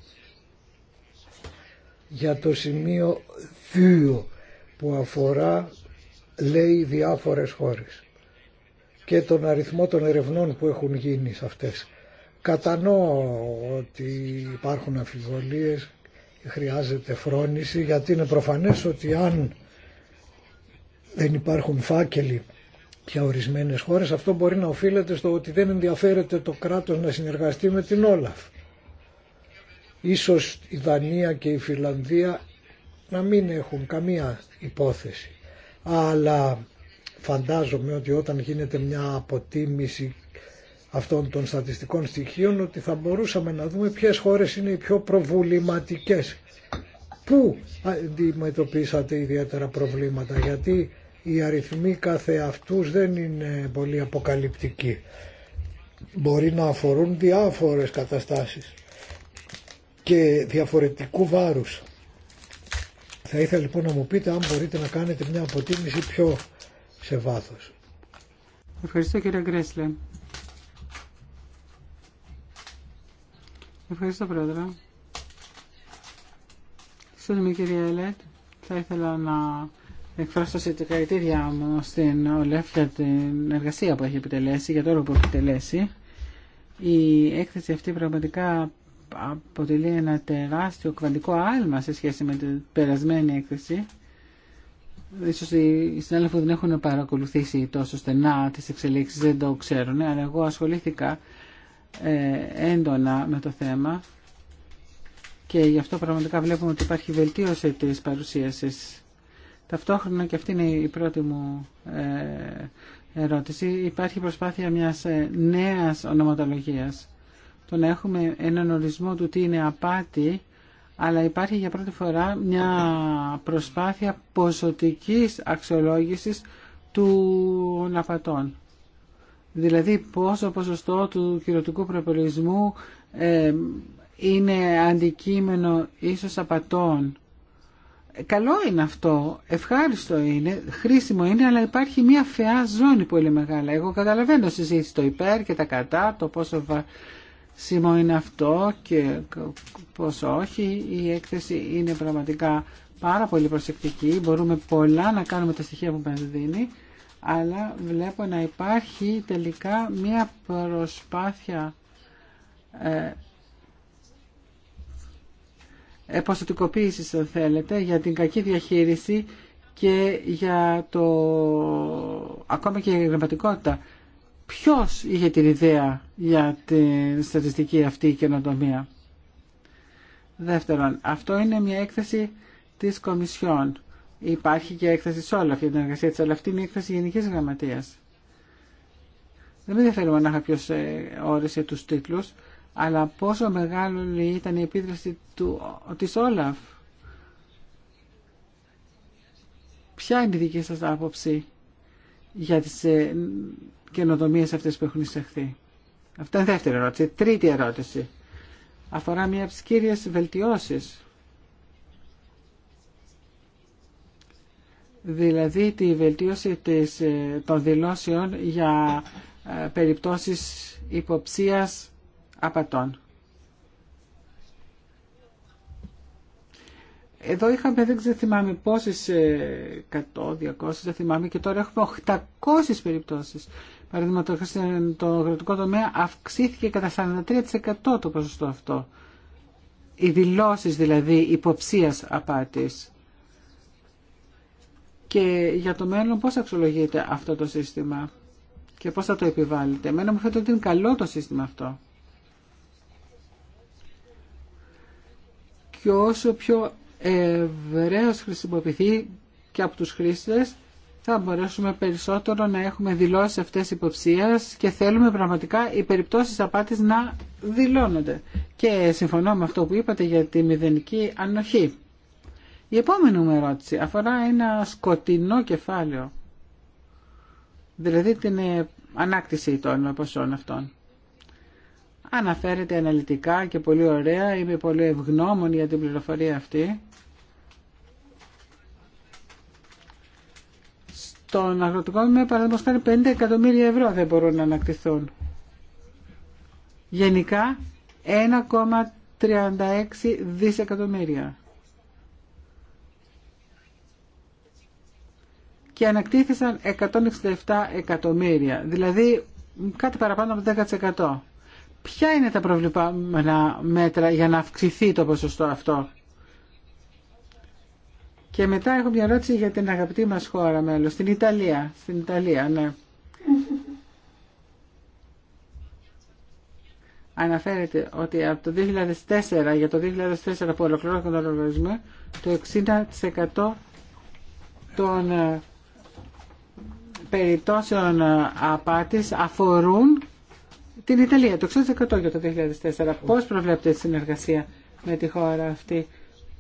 για το σημείο 2 που αφορά λέει διάφορες χώρες και τον αριθμό των ερευνών που έχουν γίνει σε αυτές. Κατανοώ ότι υπάρχουν αμφιβολίες χρειάζεται φρόνηση γιατί είναι προφανές ότι αν δεν υπάρχουν φάκελοι για ορισμένες χώρες αυτό μπορεί να οφείλεται στο ότι δεν ενδιαφέρεται το κράτος να συνεργαστεί με την Όλαφ. Ίσως η Δανία και η Φιλανδία να μην έχουν καμία υπόθεση. Αλλά Φαντάζομαι ότι όταν γίνεται μια αποτίμηση αυτών των στατιστικών στοιχείων ότι θα μπορούσαμε να δούμε ποιες χώρες είναι οι πιο προβληματικές. Πού αντιμετωπίσατε ιδιαίτερα προβλήματα, γιατί οι αριθμοί κάθε αυτούς δεν είναι πολύ αποκαλυπτικοί. Μπορεί να αφορούν διάφορες καταστάσεις και διαφορετικού βάρους. Θα ήθελα λοιπόν να μου πείτε αν μπορείτε να κάνετε μια αποτίμηση πιο σε βάθος. Ευχαριστώ κύριε Γκρέσλε. Ευχαριστώ πρόεδρε. Συγγνώμη κύριε Ελέτ, θα ήθελα να εκφράσω σε συγχαρητήριά μου στην ΟΛΕΦ για την εργασία που έχει επιτελέσει, για το έργο που έχει επιτελέσει. Η έκθεση αυτή πραγματικά αποτελεί ένα τεράστιο κβαντικό άλμα σε σχέση με την περασμένη έκθεση ίσως οι συνάδελφοι δεν έχουν παρακολουθήσει τόσο στενά τις εξελίξεις, δεν το ξέρουν, ναι, αλλά εγώ ασχολήθηκα ε, έντονα με το θέμα και γι' αυτό πραγματικά βλέπουμε ότι υπάρχει βελτίωση της παρουσίασης. Ταυτόχρονα, και αυτή είναι η πρώτη μου ε, ερώτηση, υπάρχει προσπάθεια μιας ε, νέας ονοματολογίας. Το να έχουμε έναν ορισμό του τι είναι απάτη αλλά υπάρχει για πρώτη φορά μια προσπάθεια ποσοτικής αξιολόγησης του απατών. Δηλαδή πόσο ποσοστό του κυρωτικού προπολογισμού ε, είναι αντικείμενο ίσως απατών. Καλό είναι αυτό, ευχάριστο είναι, χρήσιμο είναι, αλλά υπάρχει μια φαιά ζώνη πολύ μεγάλα. Εγώ καταλαβαίνω συζήτηση το υπέρ και τα κατά, το πόσο Σήμο είναι αυτό και πως όχι. Η έκθεση είναι πραγματικά πάρα πολύ προσεκτική. Μπορούμε πολλά να κάνουμε τα στοιχεία που μας δίνει, αλλά βλέπω να υπάρχει τελικά μία προσπάθεια ε, αν θέλετε, για την κακή διαχείριση και για το ακόμα και για γραμματικότητα Ποιος είχε την ιδέα για την στατιστική αυτή καινοτομία. Δεύτερον, αυτό είναι μια έκθεση της Κομισιόν. Υπάρχει και έκθεση Σόλαφ όλα αυτή την εργασία της, αλλά αυτή είναι η έκθεση Γενικής Γραμματείας. Δεν με ενδιαφέρει μονάχα ποιο ε, όρισε τους τίτλους, αλλά πόσο μεγάλη ήταν η επίδραση του, της Όλαφ. Ποια είναι η δική σας άποψη για τις ε, καινοτομίε αυτές που έχουν εισαχθεί. Αυτά είναι δεύτερη ερώτηση. Τρίτη ερώτηση αφορά μια από τι κύριε βελτιώσεις. Δηλαδή τη βελτίωση της, ε, των δηλώσεων για ε, περιπτώσεις υποψίας απατών. Εδώ είχαμε, δεν ξέρω, θυμάμαι πόσες, 100, ε, 200, δεν θυμάμαι και τώρα έχουμε 800 περιπτώσεις. Παραδείγματο το αγροτικό τομέα αυξήθηκε κατά 43% το ποσοστό αυτό. Οι δηλώσεις δηλαδή υποψίας απάτης. Και για το μέλλον πώς αξιολογείται αυτό το σύστημα και πώς θα το επιβάλλετε. Εμένα μου φαίνεται ότι είναι καλό το σύστημα αυτό. Και όσο πιο ευρέως χρησιμοποιηθεί και από τους χρήστες, θα μπορέσουμε περισσότερο να έχουμε δηλώσει αυτές υποψίες και θέλουμε πραγματικά οι περιπτώσεις απάτης να δηλώνονται. Και συμφωνώ με αυτό που είπατε για τη μηδενική ανοχή. Η επόμενη μου ερώτηση αφορά ένα σκοτεινό κεφάλαιο. Δηλαδή την ε, ανάκτηση των ποσών αυτών. Αναφέρεται αναλυτικά και πολύ ωραία. Είμαι πολύ ευγνώμων για την πληροφορία αυτή. των αγροτικών με παραδείγματος 50 εκατομμύρια ευρώ δεν μπορούν να ανακτηθούν. Γενικά 1,36 δισεκατομμύρια. Και ανακτήθησαν 167 εκατομμύρια, δηλαδή κάτι παραπάνω από 10%. Ποια είναι τα προβλήματα μέτρα για να αυξηθεί το ποσοστό αυτό. Και μετά έχω μια ερώτηση για την αγαπητή μας χώρα μέλος, την Ιταλία. Στην Ιταλία, ναι. Αναφέρεται ότι από το 2004, για το 2004 που ολοκληρώθηκε τον οργανισμό, το 60% των ε, περιπτώσεων ε, απάτης αφορούν την Ιταλία. Το 60% για το 2004. Πώς προβλέπετε τη συνεργασία με τη χώρα αυτή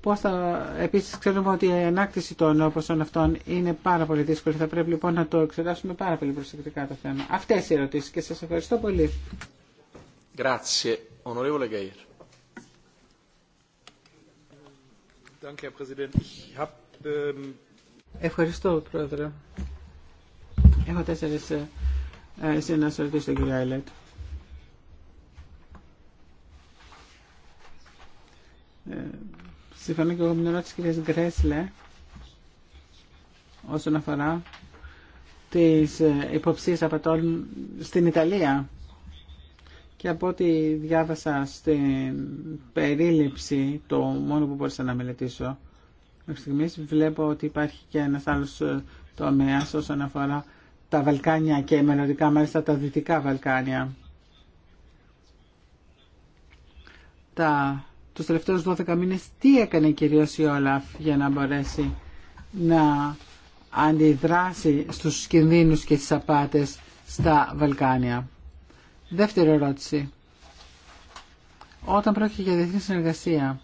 Πώς θα, επίσης ξέρουμε ότι η ενάκτηση των όποσων αυτών είναι πάρα πολύ δύσκολη. Θα πρέπει λοιπόν να το εξετάσουμε πάρα πολύ προσεκτικά το θέμα. Αυτές οι ερωτήσεις και σας ευχαριστώ πολύ. Ähm, ευχαριστώ, Πρόεδρε. Έχω τέσσερις ε, να σας στον κύριο Άιλετ. Ε, Συμφωνώ και εγώ με την ερώτηση της κυρίας Γκρέσλε όσον αφορά τις ε, υποψίες απατών στην Ιταλία. Και από ό,τι διάβασα στην περίληψη, το μόνο που μπορούσα να μελετήσω μέχρι στιγμής, βλέπω ότι υπάρχει και ένας άλλος ε, τομέας όσον αφορά τα Βαλκάνια και μελλοντικά μάλιστα τα Δυτικά Βαλκάνια. Τα τους τελευταίους 12 μήνες τι έκανε κυρίως η Όλαφ για να μπορέσει να αντιδράσει στους κινδύνους και τις απάτες στα Βαλκάνια. Δεύτερη ερώτηση. Όταν πρόκειται για διεθνή συνεργασία,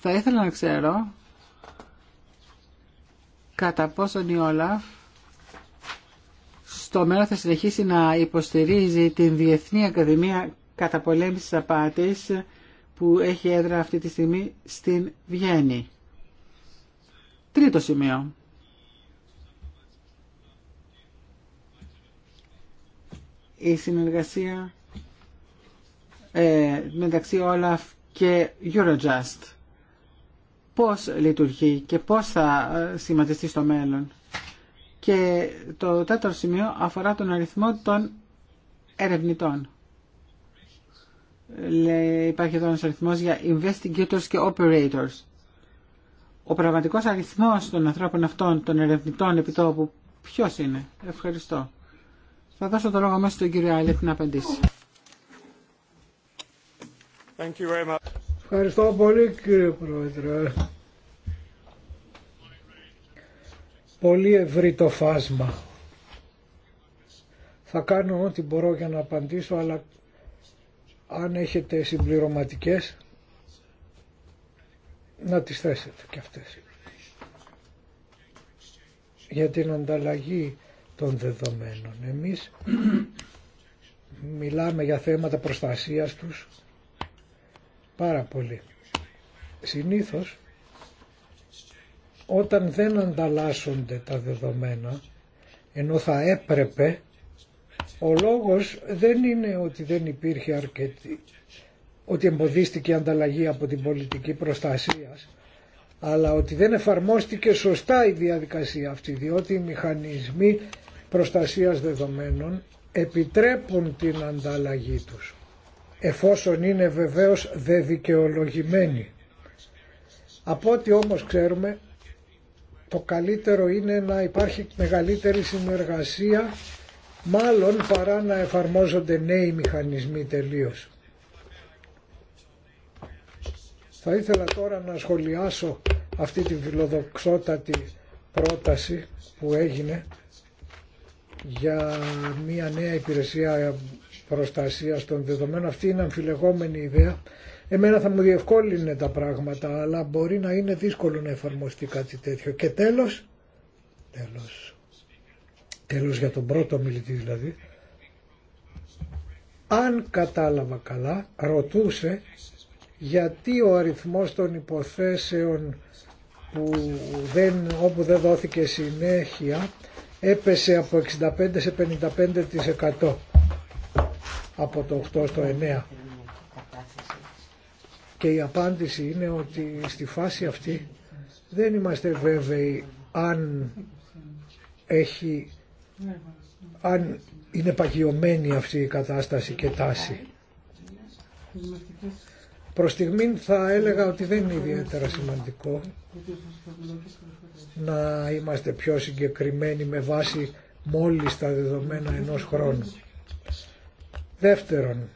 θα ήθελα να ξέρω κατά πόσον η Όλαφ στο μέλλον θα συνεχίσει να υποστηρίζει την Διεθνή Ακαδημία Καταπολέμησης Απάτης που έχει έδρα αυτή τη στιγμή στην Βιέννη. Τρίτο σημείο. Η συνεργασία ε, μεταξύ Όλαφ και Eurojust. Πώς λειτουργεί και πώς θα ε, σχηματιστεί στο μέλλον. Και το τέταρτο σημείο αφορά τον αριθμό των ερευνητών. υπάρχει εδώ ένας αριθμός για investigators και operators. Ο πραγματικός αριθμός των ανθρώπων αυτών, των ερευνητών επιτόπου, ποιος είναι. Ευχαριστώ. Θα δώσω το λόγο μέσα στον κύριο Άλεπ να απαντήσει. Thank you very much. Ευχαριστώ πολύ κύριε Πρόεδρε. πολύ ευρύ το φάσμα. Θα κάνω ό,τι μπορώ για να απαντήσω, αλλά αν έχετε συμπληρωματικές, να τις θέσετε και αυτές. Για την ανταλλαγή των δεδομένων. Εμείς μιλάμε για θέματα προστασίας τους πάρα πολύ. Συνήθως όταν δεν ανταλλάσσονται τα δεδομένα, ενώ θα έπρεπε, ο λόγος δεν είναι ότι δεν υπήρχε αρκετή, ότι εμποδίστηκε η ανταλλαγή από την πολιτική προστασία, αλλά ότι δεν εφαρμόστηκε σωστά η διαδικασία αυτή, διότι οι μηχανισμοί προστασίας δεδομένων επιτρέπουν την ανταλλαγή τους, εφόσον είναι βεβαίως δικαιολογημένοι Από ό,τι όμως ξέρουμε το καλύτερο είναι να υπάρχει μεγαλύτερη συνεργασία μάλλον παρά να εφαρμόζονται νέοι μηχανισμοί τελείως. Θα ήθελα τώρα να σχολιάσω αυτή τη φιλοδοξότατη πρόταση που έγινε για μια νέα υπηρεσία προστασίας των δεδομένων. Αυτή είναι αμφιλεγόμενη ιδέα Εμένα θα μου διευκόλυνε τα πράγματα, αλλά μπορεί να είναι δύσκολο να εφαρμοστεί κάτι τέτοιο. Και τέλος, τέλος, τέλος για τον πρώτο μιλητή δηλαδή, αν κατάλαβα καλά, ρωτούσε γιατί ο αριθμός των υποθέσεων που δεν, όπου δεν δόθηκε συνέχεια έπεσε από 65 σε 55% από το 8 στο 9 και η απάντηση είναι ότι στη φάση αυτή δεν είμαστε βέβαιοι αν έχει αν είναι παγιωμένη αυτή η κατάσταση και τάση. Προς στιγμή θα έλεγα ότι δεν είναι ιδιαίτερα σημαντικό να είμαστε πιο συγκεκριμένοι με βάση μόλις τα δεδομένα ενός χρόνου. Δεύτερον,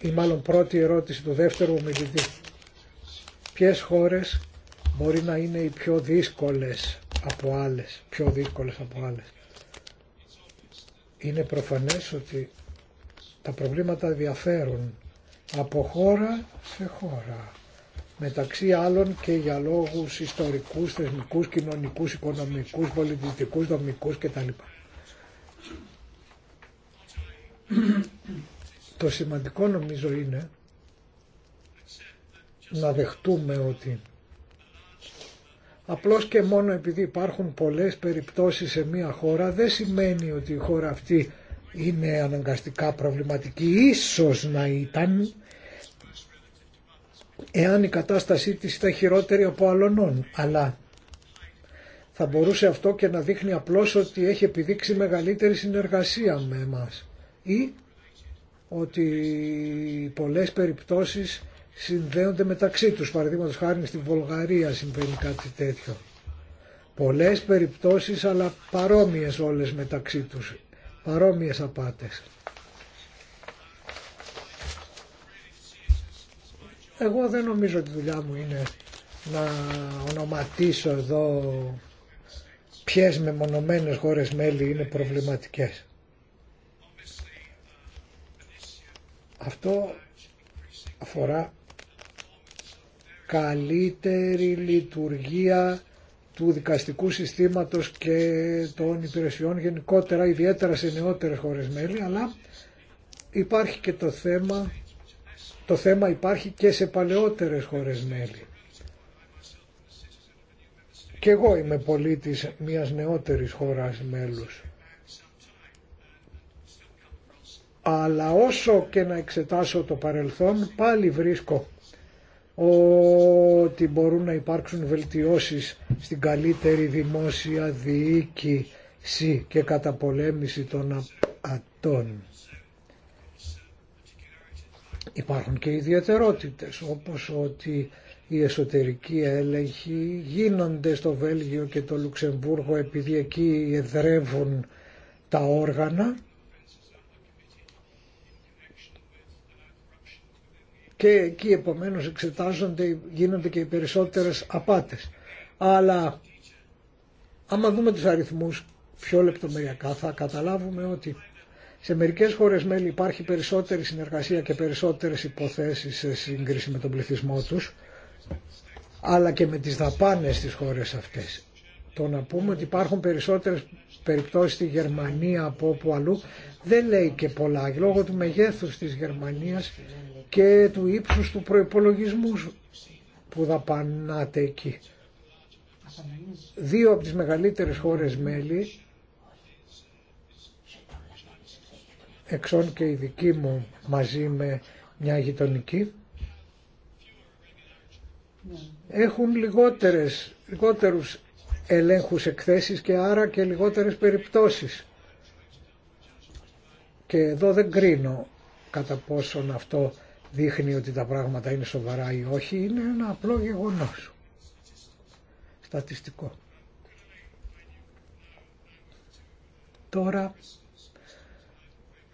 ή μάλλον πρώτη ερώτηση του δεύτερου ομιλητή. Ποιες χώρες μπορεί να είναι οι πιο δύσκολες από άλλες, πιο δύσκολες από άλλες. Είναι προφανές ότι τα προβλήματα διαφέρουν από χώρα σε χώρα. Μεταξύ άλλων και για λόγους ιστορικούς, θεσμικούς, κοινωνικούς, οικονομικούς, πολιτιστικού, δομικούς κτλ. Το σημαντικό νομίζω είναι να δεχτούμε ότι απλώς και μόνο επειδή υπάρχουν πολλές περιπτώσεις σε μια χώρα δεν σημαίνει ότι η χώρα αυτή είναι αναγκαστικά προβληματική. Ίσως να ήταν εάν η κατάστασή της ήταν χειρότερη από αλλονών. Αλλά θα μπορούσε αυτό και να δείχνει απλώς ότι έχει επιδείξει μεγαλύτερη συνεργασία με εμάς ή ότι πολλές περιπτώσεις συνδέονται μεταξύ τους. Παραδείγματος χάρη στη Βολγαρία συμβαίνει κάτι τέτοιο. Πολλές περιπτώσεις αλλά παρόμοιες όλες μεταξύ τους. Παρόμοιες απάτες. Εγώ δεν νομίζω ότι η δουλειά μου είναι να ονοματίσω εδώ ποιες μεμονωμένες χώρες μέλη είναι προβληματικές. Αυτό αφορά καλύτερη λειτουργία του δικαστικού συστήματος και των υπηρεσιών γενικότερα, ιδιαίτερα σε νεότερες χώρες μέλη, αλλά υπάρχει και το θέμα, το θέμα υπάρχει και σε παλαιότερες χώρες μέλη. Και εγώ είμαι πολίτης μιας νεότερης χώρας μέλους. αλλά όσο και να εξετάσω το παρελθόν πάλι βρίσκω ότι μπορούν να υπάρξουν βελτιώσεις στην καλύτερη δημόσια διοίκηση και καταπολέμηση των ατών. Υπάρχουν και ιδιαιτερότητες όπως ότι οι εσωτερικοί έλεγχοι γίνονται στο Βέλγιο και το Λουξεμβούργο επειδή εκεί εδρεύουν τα όργανα και εκεί επομένως εξετάζονται, γίνονται και οι περισσότερες απάτες. Αλλά άμα δούμε τους αριθμούς πιο λεπτομεριακά θα καταλάβουμε ότι σε μερικές χώρες μέλη υπάρχει περισσότερη συνεργασία και περισσότερες υποθέσεις σε σύγκριση με τον πληθυσμό τους αλλά και με τις δαπάνες στις χώρες αυτές. Το να πούμε ότι υπάρχουν περισσότερες περιπτώσεις στη Γερμανία από όπου αλλού δεν λέει και πολλά. Λόγω του μεγέθους της Γερμανίας και του ύψους του προϋπολογισμού που δαπανάται εκεί. Δύο από τις μεγαλύτερες χώρες μέλη, εξών και η δική μου μαζί με μια γειτονική, έχουν λιγότερες, λιγότερους ελέγχους εκθέσεις και άρα και λιγότερες περιπτώσεις. Και εδώ δεν κρίνω κατά πόσον αυτό δείχνει ότι τα πράγματα είναι σοβαρά ή όχι είναι ένα απλό γεγονός στατιστικό τώρα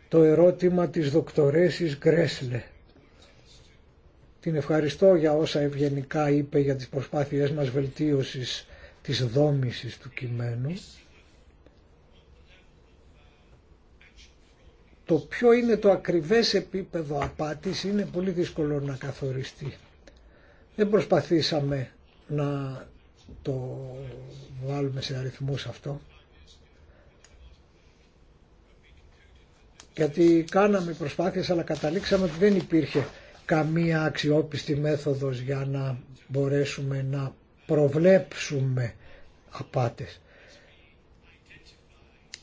το ερώτημα της δοκτορέσης Γκρέσλε την ευχαριστώ για όσα ευγενικά είπε για τις προσπάθειές μας βελτίωσης της δόμησης του κειμένου Το ποιο είναι το ακριβές επίπεδο απάτης είναι πολύ δύσκολο να καθοριστεί. Δεν προσπαθήσαμε να το βάλουμε σε αριθμούς αυτό. Γιατί κάναμε προσπάθειες αλλά καταλήξαμε ότι δεν υπήρχε καμία αξιόπιστη μέθοδος για να μπορέσουμε να προβλέψουμε απάτες.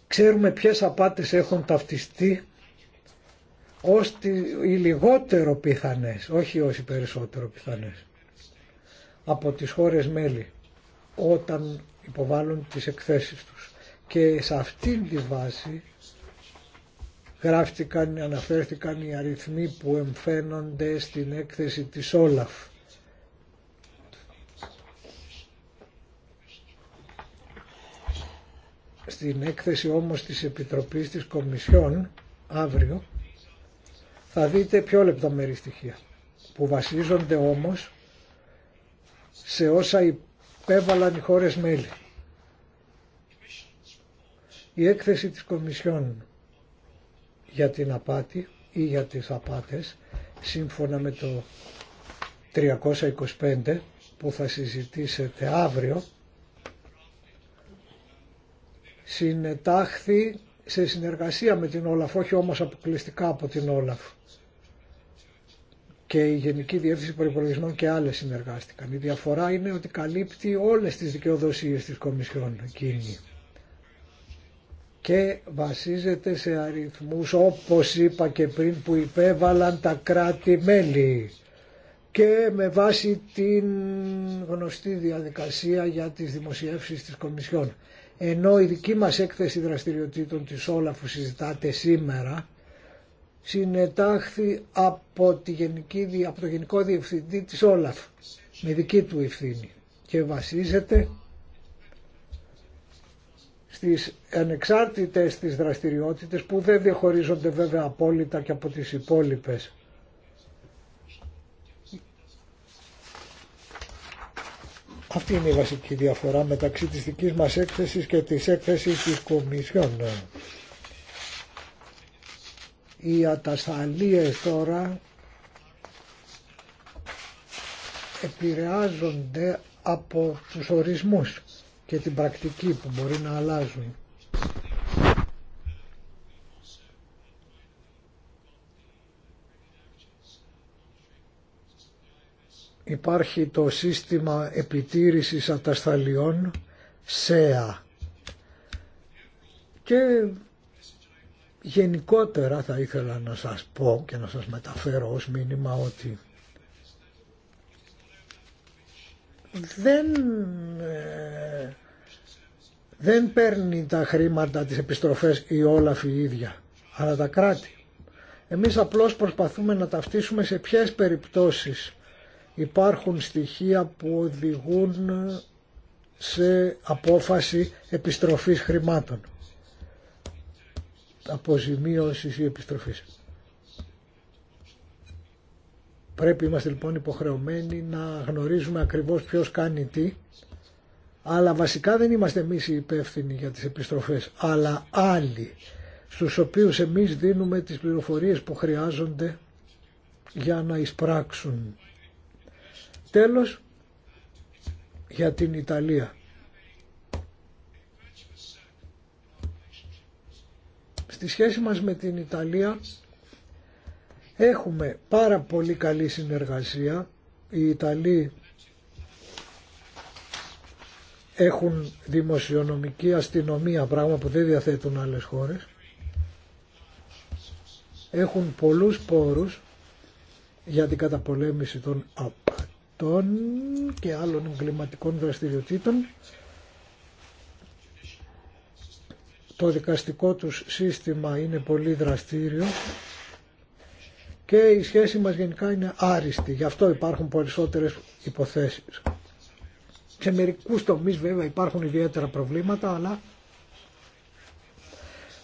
Ξέρουμε ποιες απάτες έχουν ταυτιστεί ως τη, οι λιγότερο πιθανές, όχι ως οι περισσότερο πιθανές, από τις χώρες μέλη όταν υποβάλλουν τις εκθέσεις τους. Και σε αυτήν τη βάση γράφτηκαν, αναφέρθηκαν οι αριθμοί που εμφαίνονται στην έκθεση της Όλαφ. Στην έκθεση όμως της Επιτροπής της Κομισιόν, αύριο, θα δείτε πιο λεπτομερή στοιχεία που βασίζονται όμως σε όσα υπέβαλαν οι χώρες μέλη. Η έκθεση της Κομισιόν για την απάτη ή για τις απάτες σύμφωνα με το 325 που θα συζητήσετε αύριο συνετάχθη σε συνεργασία με την Όλαφ, όχι όμως αποκλειστικά από την Όλαφ. Και η Γενική Διεύθυνση Προϋπολογισμών και άλλες συνεργάστηκαν. Η διαφορά είναι ότι καλύπτει όλες τις δικαιοδοσίες της Κομισιόν εκείνη και βασίζεται σε αριθμούς όπως είπα και πριν που υπέβαλαν τα κράτη-μέλη και με βάση την γνωστή διαδικασία για τις δημοσιεύσεις της Κομισιόν ενώ η δική μας έκθεση δραστηριοτήτων της Όλαφου συζητάτε σήμερα, συνετάχθη από, τη Γενική, το Γενικό Διευθυντή της Όλαφ, με δική του ευθύνη και βασίζεται στις ανεξάρτητες τις δραστηριότητες που δεν διαχωρίζονται βέβαια απόλυτα και από τις υπόλοιπες Αυτή είναι η βασική διαφορά μεταξύ της δικής μας έκθεσης και της έκθεσης της Κομισιόν. Οι ατασταλίες τώρα επηρεάζονται από τους ορισμούς και την πρακτική που μπορεί να αλλάζουν. υπάρχει το σύστημα επιτήρησης ατασταλιών ΣΕΑ και γενικότερα θα ήθελα να σας πω και να σας μεταφέρω ως μήνυμα ότι δεν, ε, δεν παίρνει τα χρήματα τις επιστροφές η Όλαφ η ίδια αλλά τα κράτη. Εμείς απλώς προσπαθούμε να ταυτίσουμε σε ποιες περιπτώσεις υπάρχουν στοιχεία που οδηγούν σε απόφαση επιστροφής χρημάτων. Αποζημίωσης ή επιστροφής. Πρέπει είμαστε λοιπόν υποχρεωμένοι να γνωρίζουμε ακριβώς ποιος κάνει τι, αλλά βασικά δεν είμαστε εμείς οι υπεύθυνοι για τις επιστροφές, αλλά άλλοι, στους οποίους εμείς δίνουμε τις πληροφορίες που χρειάζονται για να εισπράξουν Τέλος, για την Ιταλία. Στη σχέση μας με την Ιταλία έχουμε πάρα πολύ καλή συνεργασία. Οι Ιταλοί έχουν δημοσιονομική αστυνομία, πράγμα που δεν διαθέτουν άλλες χώρες. Έχουν πολλούς πόρους για την καταπολέμηση των απατών αυτών και άλλων εγκληματικών δραστηριοτήτων το δικαστικό τους σύστημα είναι πολύ δραστήριο και η σχέση μας γενικά είναι άριστη. Γι' αυτό υπάρχουν περισσότερες υποθέσεις. Σε μερικού τομεί βέβαια υπάρχουν ιδιαίτερα προβλήματα, αλλά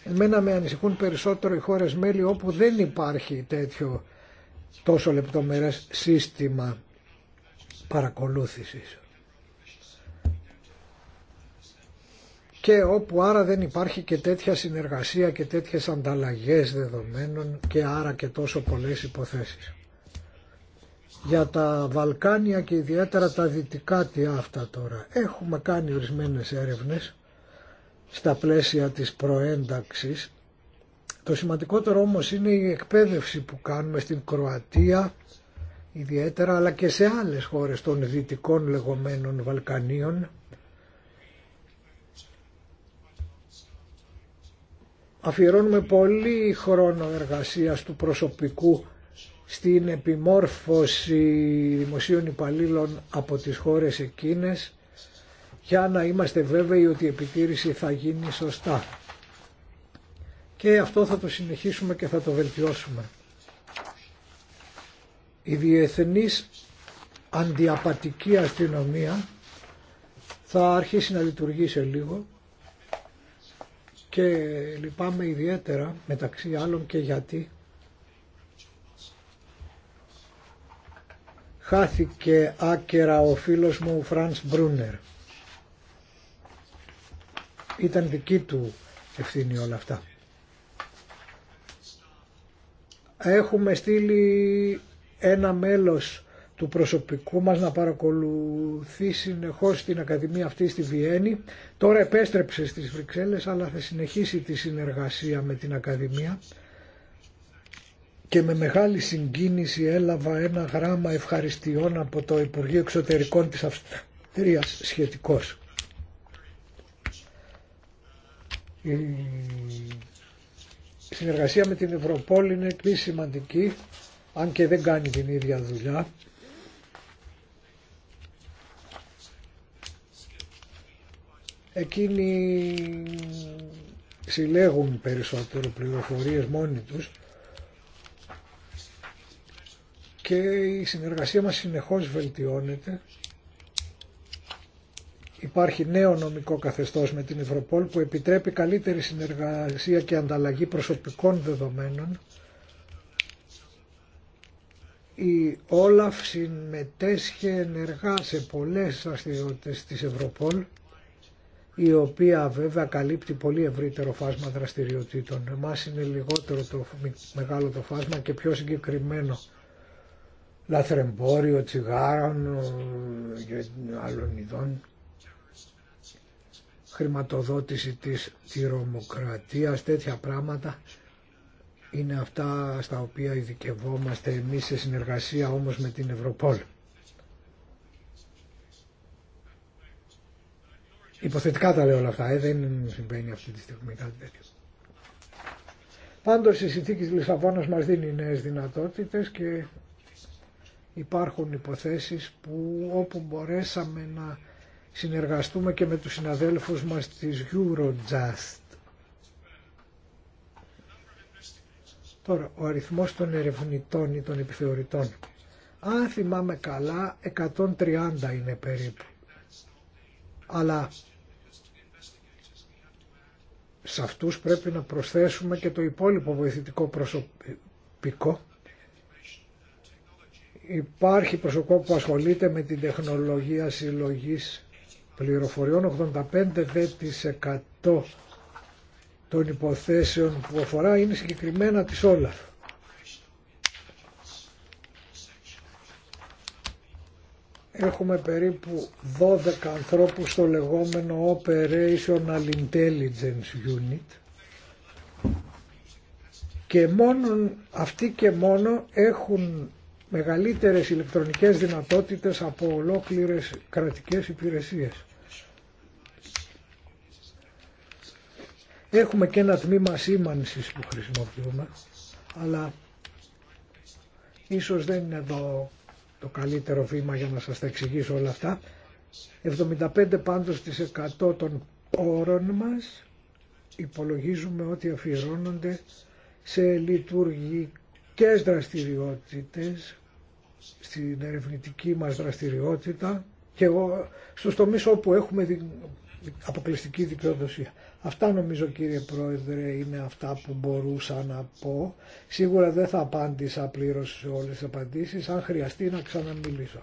εμένα με ανησυχούν περισσότερο οι χώρες μέλη όπου δεν υπάρχει τέτοιο τόσο λεπτομερές σύστημα παρακολούθησης. Και όπου άρα δεν υπάρχει και τέτοια συνεργασία και τέτοιες ανταλλαγές δεδομένων και άρα και τόσο πολλές υποθέσεις. Για τα Βαλκάνια και ιδιαίτερα τα δυτικά τι αυτά τώρα. Έχουμε κάνει ορισμένες έρευνες στα πλαίσια της προένταξης. Το σημαντικότερο όμως είναι η εκπαίδευση που κάνουμε στην Κροατία, ιδιαίτερα αλλά και σε άλλες χώρες των δυτικών λεγόμενων Βαλκανίων αφιερώνουμε πολύ χρόνο εργασίας του προσωπικού στην επιμόρφωση δημοσίων υπαλλήλων από τις χώρες εκείνες για να είμαστε βέβαιοι ότι η επιτήρηση θα γίνει σωστά. Και αυτό θα το συνεχίσουμε και θα το βελτιώσουμε. Η διεθνής αντιαπατική αστυνομία θα αρχίσει να λειτουργεί σε λίγο και λυπάμαι ιδιαίτερα μεταξύ άλλων και γιατί χάθηκε άκερα ο φίλος μου ο Φρανς Μπρούνερ. Ήταν δική του ευθύνη όλα αυτά. Έχουμε στείλει ένα μέλος του προσωπικού μας να παρακολουθεί συνεχώς την Ακαδημία αυτή στη Βιέννη. Τώρα επέστρεψε στις Βρυξέλλες αλλά θα συνεχίσει τη συνεργασία με την Ακαδημία και με μεγάλη συγκίνηση έλαβα ένα γράμμα ευχαριστειών από το Υπουργείο Εξωτερικών της Αυστρίας σχετικός. Η συνεργασία με την Ευρωπόλη είναι επίσης σημαντική αν και δεν κάνει την ίδια δουλειά. Εκείνοι συλλέγουν περισσότερο πληροφορίες μόνοι τους και η συνεργασία μας συνεχώς βελτιώνεται. Υπάρχει νέο νομικό καθεστώς με την Ευρωπόλ που επιτρέπει καλύτερη συνεργασία και ανταλλαγή προσωπικών δεδομένων η Όλαφ συμμετέσχε ενεργά σε πολλές δραστηριότητες της Ευρωπόλ η οποία βέβαια καλύπτει πολύ ευρύτερο φάσμα δραστηριοτήτων. Εμάς είναι λιγότερο το μεγάλο το φάσμα και πιο συγκεκριμένο λαθρεμπόριο, τσιγάρων ε, άλλων ειδών χρηματοδότηση της τυρομοκρατίας, τέτοια πράγματα είναι αυτά στα οποία ειδικευόμαστε εμείς σε συνεργασία όμως με την Ευρωπόλ. Υποθετικά τα λέω όλα αυτά, ε, δεν συμβαίνει αυτή τη στιγμή κάτι τέτοιο. Πάντως η συνθήκη της Λισαβόνας μας δίνει νέες δυνατότητες και υπάρχουν υποθέσεις που όπου μπορέσαμε να συνεργαστούμε και με τους συναδέλφους μας της Eurojust Τώρα, ο αριθμός των ερευνητών ή των επιθεωρητών. Αν θυμάμαι καλά, 130 είναι περίπου. Αλλά σε αυτούς πρέπει να προσθέσουμε και το υπόλοιπο βοηθητικό προσωπικό. Υπάρχει προσωπικό που ασχολείται με την τεχνολογία συλλογής πληροφοριών, 85% των υποθέσεων που αφορά είναι συγκεκριμένα της Όλαφ. Έχουμε περίπου 12 ανθρώπους στο λεγόμενο Operational Intelligence Unit και μόνο, αυτοί και μόνο έχουν μεγαλύτερες ηλεκτρονικές δυνατότητες από ολόκληρες κρατικές υπηρεσίες. Έχουμε και ένα τμήμα σήμανσης που χρησιμοποιούμε, αλλά ίσως δεν είναι εδώ το καλύτερο βήμα για να σας τα εξηγήσω όλα αυτά. 75 πάντως της 100 των όρων μας υπολογίζουμε ότι αφιερώνονται σε λειτουργικές δραστηριότητες, στην ερευνητική μας δραστηριότητα και στους τομείς όπου έχουμε αποκλειστική δικαιοδοσία. Αυτά νομίζω κύριε Πρόεδρε είναι αυτά που μπορούσα να πω. Σίγουρα δεν θα απάντησα πλήρω σε όλες τις απαντήσεις, αν χρειαστεί να ξαναμιλήσω.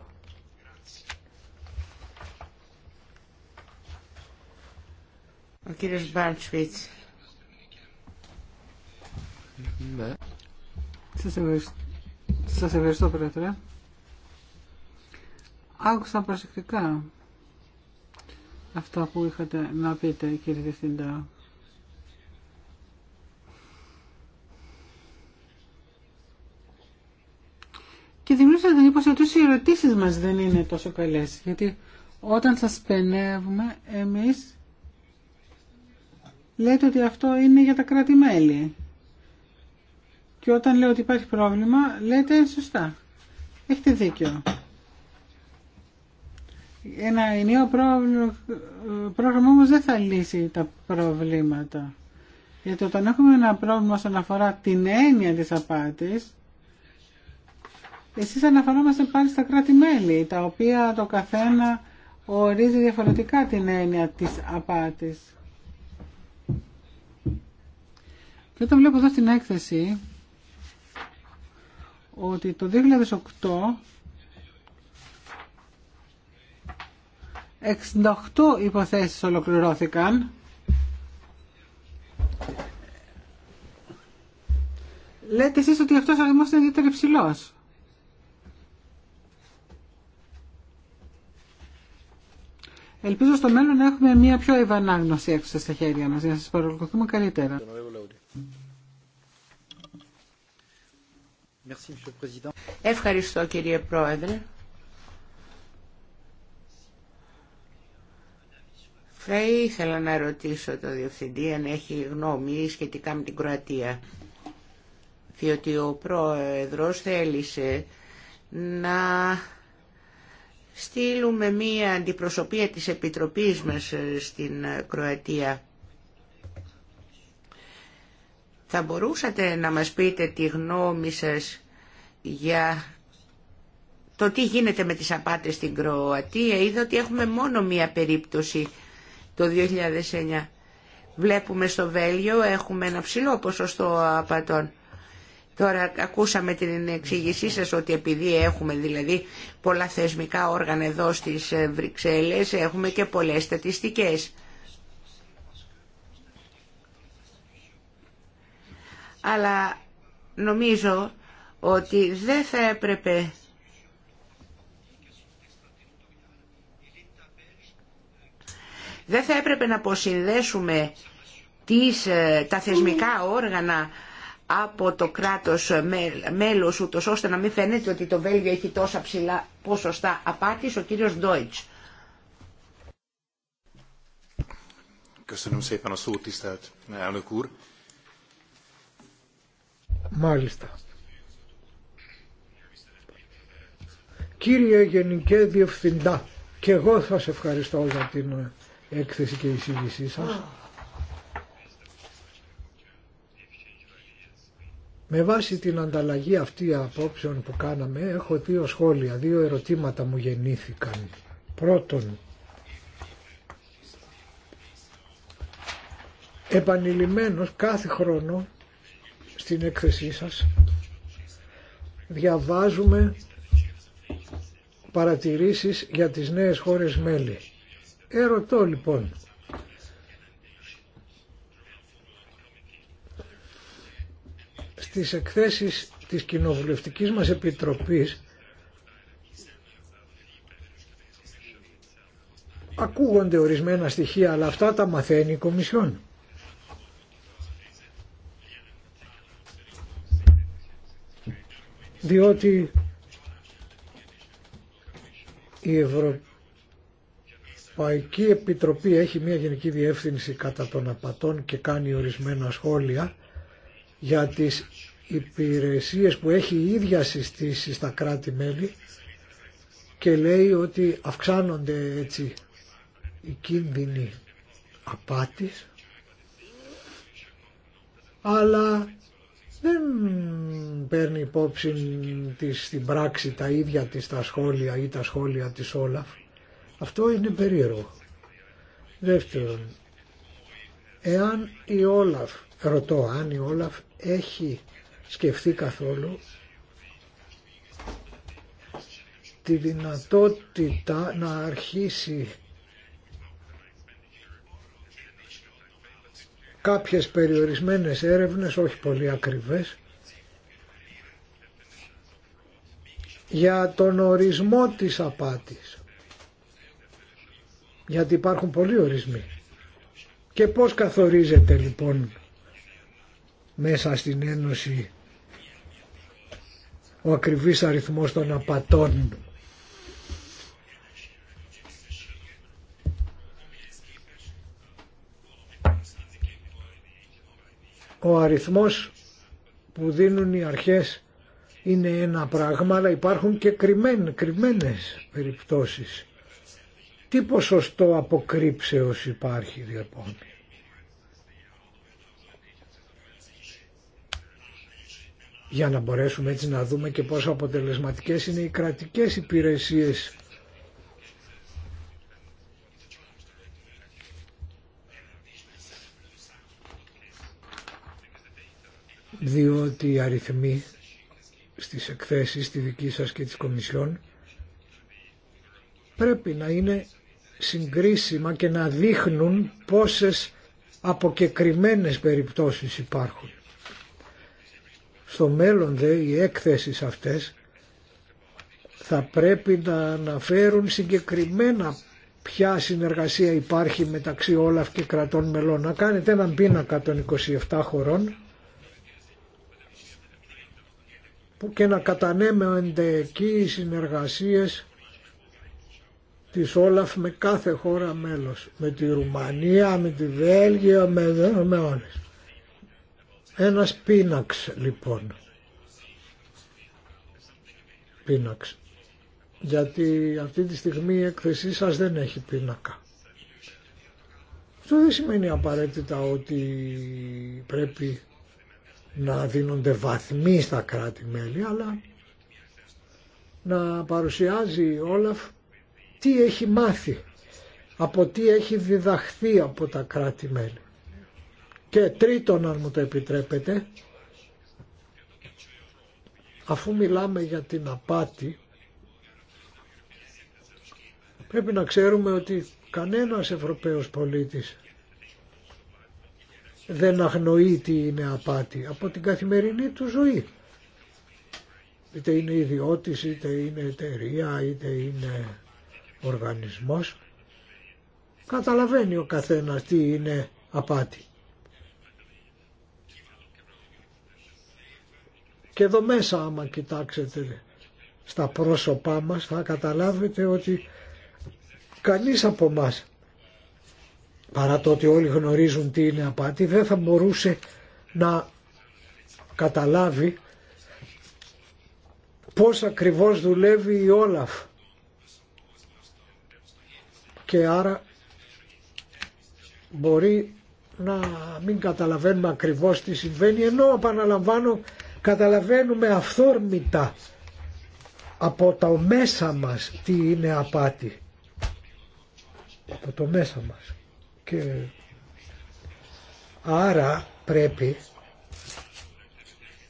Ο κύριος ναι. Σας ευχαριστώ, Σας ευχαριστώ Πρόεδρε. Άκουσα προσεκτικά αυτά που είχατε να πείτε κύριε Διευθυντά. Και δημιούργησατε, την εντύπωση ότι οι ερωτήσει μα δεν είναι τόσο καλέ. Γιατί όταν σα πενεύουμε, εμεί λέτε ότι αυτό είναι για τα κράτη-μέλη. Και όταν λέω ότι υπάρχει πρόβλημα, λέτε σωστά. Έχετε δίκιο. Ένα ενίο πρόγραμμα όμως δεν θα λύσει τα προβλήματα. Γιατί όταν έχουμε ένα πρόβλημα όσον αφορά την έννοια της απάτης, εσείς αναφερόμαστε πάλι στα κράτη-μέλη, τα οποία το καθένα ορίζει διαφορετικά την έννοια της απάτης. Και όταν βλέπω εδώ στην έκθεση ότι το 2008 68 υποθέσεις ολοκληρώθηκαν. Λέτε εσείς ότι αυτός ο αριθμός είναι ιδιαίτερα υψηλός. Ελπίζω στο μέλλον να έχουμε μια πιο ευανάγνωση έξω στα χέρια μας για να σας παρακολουθούμε καλύτερα. Ευχαριστώ κύριε Πρόεδρε. Θα ήθελα να ρωτήσω το Διευθυντή αν έχει γνώμη σχετικά με την Κροατία. Διότι ο Πρόεδρος θέλησε να στείλουμε μία αντιπροσωπεία της Επιτροπής μας ε, στην Κροατία. Θα μπορούσατε να μας πείτε τη γνώμη σας για το τι γίνεται με τις απάτες στην Κροατία. Είδα ότι έχουμε μόνο μία περίπτωση το 2009. Βλέπουμε στο Βέλγιο έχουμε ένα ψηλό ποσοστό απατών. Τώρα ακούσαμε την εξήγησή σας ότι επειδή έχουμε δηλαδή πολλά θεσμικά όργανα εδώ στις ε, Βρυξέλλες έχουμε και πολλές στατιστικές. Αλλά νομίζω ότι δεν θα έπρεπε Δεν θα έπρεπε να αποσυνδέσουμε τις, ε, τα θεσμικά όργανα από το κράτος μέλος ούτως ώστε να μην φαίνεται ότι το Βέλγιο έχει τόσα ψηλά ποσοστά απάτης ο κύριος Ντόιτς. Μάλιστα. Κύριε Γενικέ Διευθυντά, και εγώ σας ευχαριστώ για την έκθεση και εισήγησή σα. Με βάση την ανταλλαγή αυτή απόψεων που κάναμε έχω δύο σχόλια, δύο ερωτήματα μου γεννήθηκαν. Πρώτον, επανειλημμένος κάθε χρόνο στην έκθεσή σας διαβάζουμε παρατηρήσεις για τις νέες χώρες μέλη. Ερωτώ λοιπόν, στις εκθέσεις της κοινοβουλευτικής μας επιτροπής ακούγονται ορισμένα στοιχεία, αλλά αυτά τα μαθαίνει η Κομισιόν. Διότι η Ευρωπαϊκή Ευρωπαϊκή Επιτροπή έχει μια γενική διεύθυνση κατά των απατών και κάνει ορισμένα σχόλια για τις υπηρεσίες που έχει η ίδια συστήσει στα κράτη-μέλη και λέει ότι αυξάνονται έτσι οι κίνδυνοι απάτης αλλά δεν παίρνει υπόψη της στην πράξη τα ίδια της τα σχόλια ή τα σχόλια της Όλαφ αυτό είναι περίεργο. Δεύτερον, εάν η Όλαφ, ρωτώ αν η Όλαφ έχει σκεφτεί καθόλου τη δυνατότητα να αρχίσει κάποιες περιορισμένες έρευνες, όχι πολύ ακριβές, για τον ορισμό της απάτης γιατί υπάρχουν πολλοί ορισμοί. Και πώς καθορίζεται λοιπόν μέσα στην Ένωση ο ακριβής αριθμός των απατών. Ο αριθμός που δίνουν οι αρχές είναι ένα πράγμα, αλλά υπάρχουν και κρυμμένες, κρυμμένες περιπτώσεις. Τι ποσοστό αποκρύψεως υπάρχει λοιπόν. Για να μπορέσουμε έτσι να δούμε και πόσο αποτελεσματικές είναι οι κρατικές υπηρεσίες διότι οι αριθμοί στις εκθέσεις τη δική σας και της Κομισιόν πρέπει να είναι συγκρίσιμα και να δείχνουν πόσες αποκεκριμένες περιπτώσεις υπάρχουν. Στο μέλλον δε οι έκθεσεις αυτές θα πρέπει να αναφέρουν συγκεκριμένα ποια συνεργασία υπάρχει μεταξύ Όλαφ και κρατών μελών. Να κάνετε έναν πίνακα των 27 χωρών που και να κατανέμονται εκεί οι συνεργασίες της Όλαφ με κάθε χώρα μέλος. Με τη Ρουμανία, με τη Βέλγια, με, με όλες. Ένας πίναξ λοιπόν. Πίναξ. Γιατί αυτή τη στιγμή η έκθεσή σας δεν έχει πίνακα. Αυτό δεν σημαίνει απαραίτητα ότι πρέπει να δίνονται βαθμοί στα κράτη-μέλη, αλλά να παρουσιάζει η Όλαφ τι έχει μάθει, από τι έχει διδαχθεί από τα κράτη-μέλη. Και τρίτον, αν μου το επιτρέπετε, αφού μιλάμε για την απάτη, πρέπει να ξέρουμε ότι κανένας Ευρωπαίος πολίτης δεν αγνοεί τι είναι απάτη από την καθημερινή του ζωή. Είτε είναι ιδιώτης, είτε είναι εταιρεία, είτε είναι οργανισμός καταλαβαίνει ο καθένας τι είναι απάτη. Και εδώ μέσα άμα κοιτάξετε στα πρόσωπά μας θα καταλάβετε ότι κανείς από μας παρά το ότι όλοι γνωρίζουν τι είναι απάτη δεν θα μπορούσε να καταλάβει πώς ακριβώς δουλεύει η Όλαφ και άρα μπορεί να μην καταλαβαίνουμε ακριβώς τι συμβαίνει ενώ επαναλαμβάνω καταλαβαίνουμε αυθόρμητα από τα μέσα μας τι είναι απάτη από το μέσα μας και άρα πρέπει